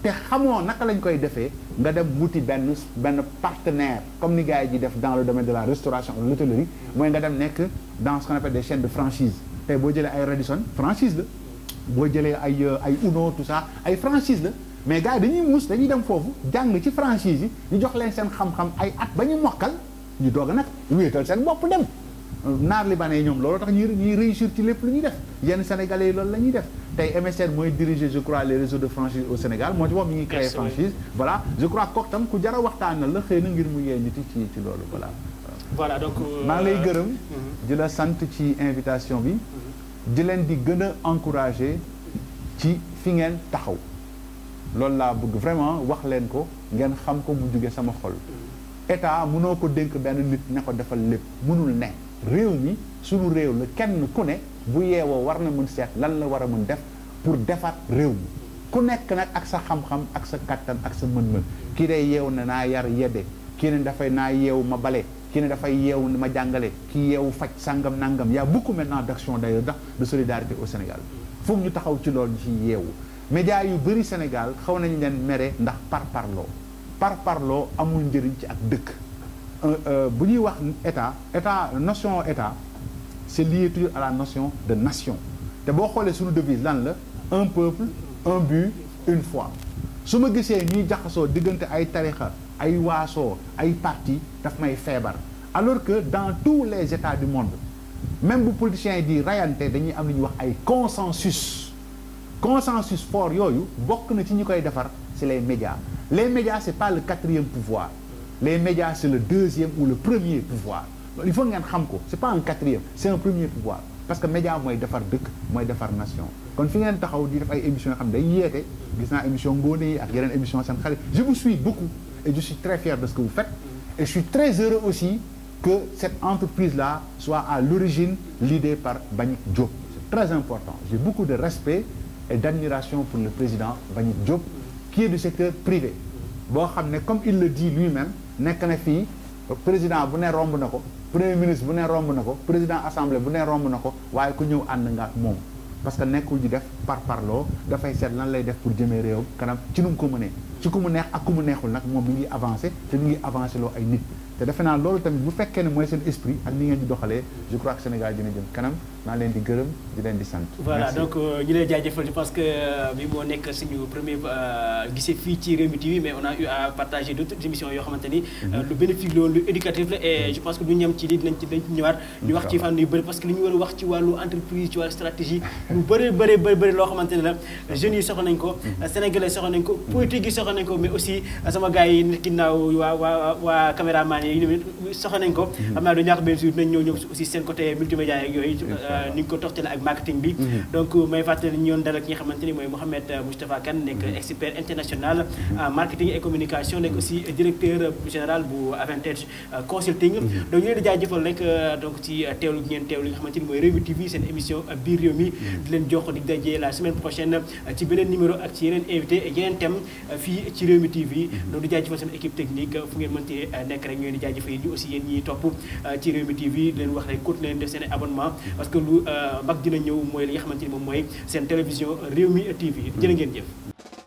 te xamoo naka lañ koy defee nga dem wuti benn benn partenaire comme ni gars yi ji def dans le domaine de la restauration ou l'hôtellerie mooy nga dem nekk dans ce qu'on appelle des chaînes de franchise tey boo jëlee ay Radisson franchise la boo jëlee ay euh, ay Uno tout ça ay franchise la mais gars yi dañuy mus dañuy dem foofu jàng ci franchise yi ñu jox leen seen xam-xam ay at ba ñu mokkal ñu doog a nag wéetal seen bopp dem naar li libanais ñoom loolu tax ñuy ñuy réussir ci lépp lu ñuy def yenn sénégalais loolu lañuy def tey MSN mooy diriger je crois les réseaux de franchise au Sénégal moo ci moom mi ngi créer franchise voilà je crois kook tam ku jara waxtaanal la xëy na ngir mu yee nit ci ci loolu voilà voilà donc maa euh, lay gërëm mhm. di la sant ci invitation bi mhm. di leen di gën a encourager ci fi ngeen taxaw loolu laa bëgg vraiment wax leen ko ngeen xam ko mu jugee sama xol mhm. état munoo ko dénk benn nit ne ko defal lépp mënul ne réew mi sunu réew la kenn ku ne bu yeewoo war na mën seet lan la war a mën def pour defaat réew mi ku nekk nag ak sa xam-xam ak sa kattan ak sa mën-mën kii day yeew na naa yar yedde kii ne dafay naa yeew ma bale kii ne dafay yeew ma jàngale kii yeew faj sangam nangam y'a beaucoup maintenant d'action d'ailleurs ndax de solidarité au Sénégal foog ñu taxaw ci loolu ñu ci yeewu média yu bëri Sénégal xaw nañu leen mere ndax par parloo par parloo amul njëriñ ci ak dëkk Euh, euh, bu ñuy wax état état notion état c'est lié toujours à la notion de nation te boo xoolee suñu devise lan la un peuple un but une foi su ma gisee ñuy jaxasoo diggante ay tarixa ay waasoo ay parti daf may feebar alors que dans tous les états du monde même bu politiciens yi di rayante dañuy am lu ñuy wax ay consensus consensus fort yooyu bokk na ci ñu koy defar c'est les médias les médias c'est pas le quatrième pouvoir les médias c'est le deuxième ou le premier pouvoir il faut ngeen xam ko c'est pas un quatrième c'est un premier pouvoir parce que média mooy defar dëkk mooy defar nation kon fi ngeen taxaw di def ay émissions yoo xam ne day yeete gis naa émission ngóone a ak yeneen émission seen xale je vous suis beaucoup et je suis très fier de ce que vous faites et je suis très heureux aussi que cette entreprise là soit à l'origine l'idée par Mbagnick Diop c'est très important j'ai de respect et pour le président Mbagnick Diop qui est du secteur privé boo xam ne comme il le dit lui-même nekk na fii président bu nee romb na ko premier ministre bu nee romb na ko président assemblée bu nee romb na ko waaye ku ñëw ànd nga ak moom parce que nekkul di def par parloo dafay seet lan lay def pour jëmee réewam kanam ci nu mu ko mënee ci ku mu neex ak ku mu neexul nag moom mi ngi avancé te mi ngi avancé loo ay nit te defe naa loolu tamit bu fekkee ne mooy seen esprit ak ni ngeen di doxalee je crois que Sénégal dina jëm kanam naa leen di gërëm di leen di sant. voilà donc euh, ñu lay jaajëfal je pense que euh, bi moo nekk suñu premier euh, gisee fii ci Rewmi TV mais on a eu a wax ci wàllu entreprise ci wàllu stratégie lu loo xamante ne la jeunes yi soxla nañ ko sénégalais soxla nañ ko politique yi soxla nañ ko mais aussi sama gars yi nit ginnaaw waa waa waa caméraman yi ñoom soxla nañ ko mhm. xam naa du ñàkk benn suuf nañ seen côté multimédia ak yooyu euh, ni ñu ko toxtale ak marketing bi mhm. donc may fàttali ñu yoon dal ak ñi nga xamante ni mooy Mouhamed Moustapha Kane nekk mhm. expert international marketing et communication nekk aussi directeur général bu Avantage euh, Consulting donc ñu leen di jaajëfal rek euh, donc ci teewlu ngeen teewlu nga xamante ni mooy seen émission biir réew mi di leen laa semaine prochaine euh, ci beneen numéro ak ci yeneen invité yeneen thème euh, fii ci Rewmi TV loolu mhm. di jaajëfal seen équipe technique euh, fu ngeen mënti nekk rek ñooy di jaajëfal ñu aussi yéen ñiy topp ci Rewmi TV di leen wax rek continuer def seen abonnement mhm. parce que lu mag dina ñëw mooy li nga xamante ni moom mooy seen télévision mi TV mhm. jërë ngeen jëf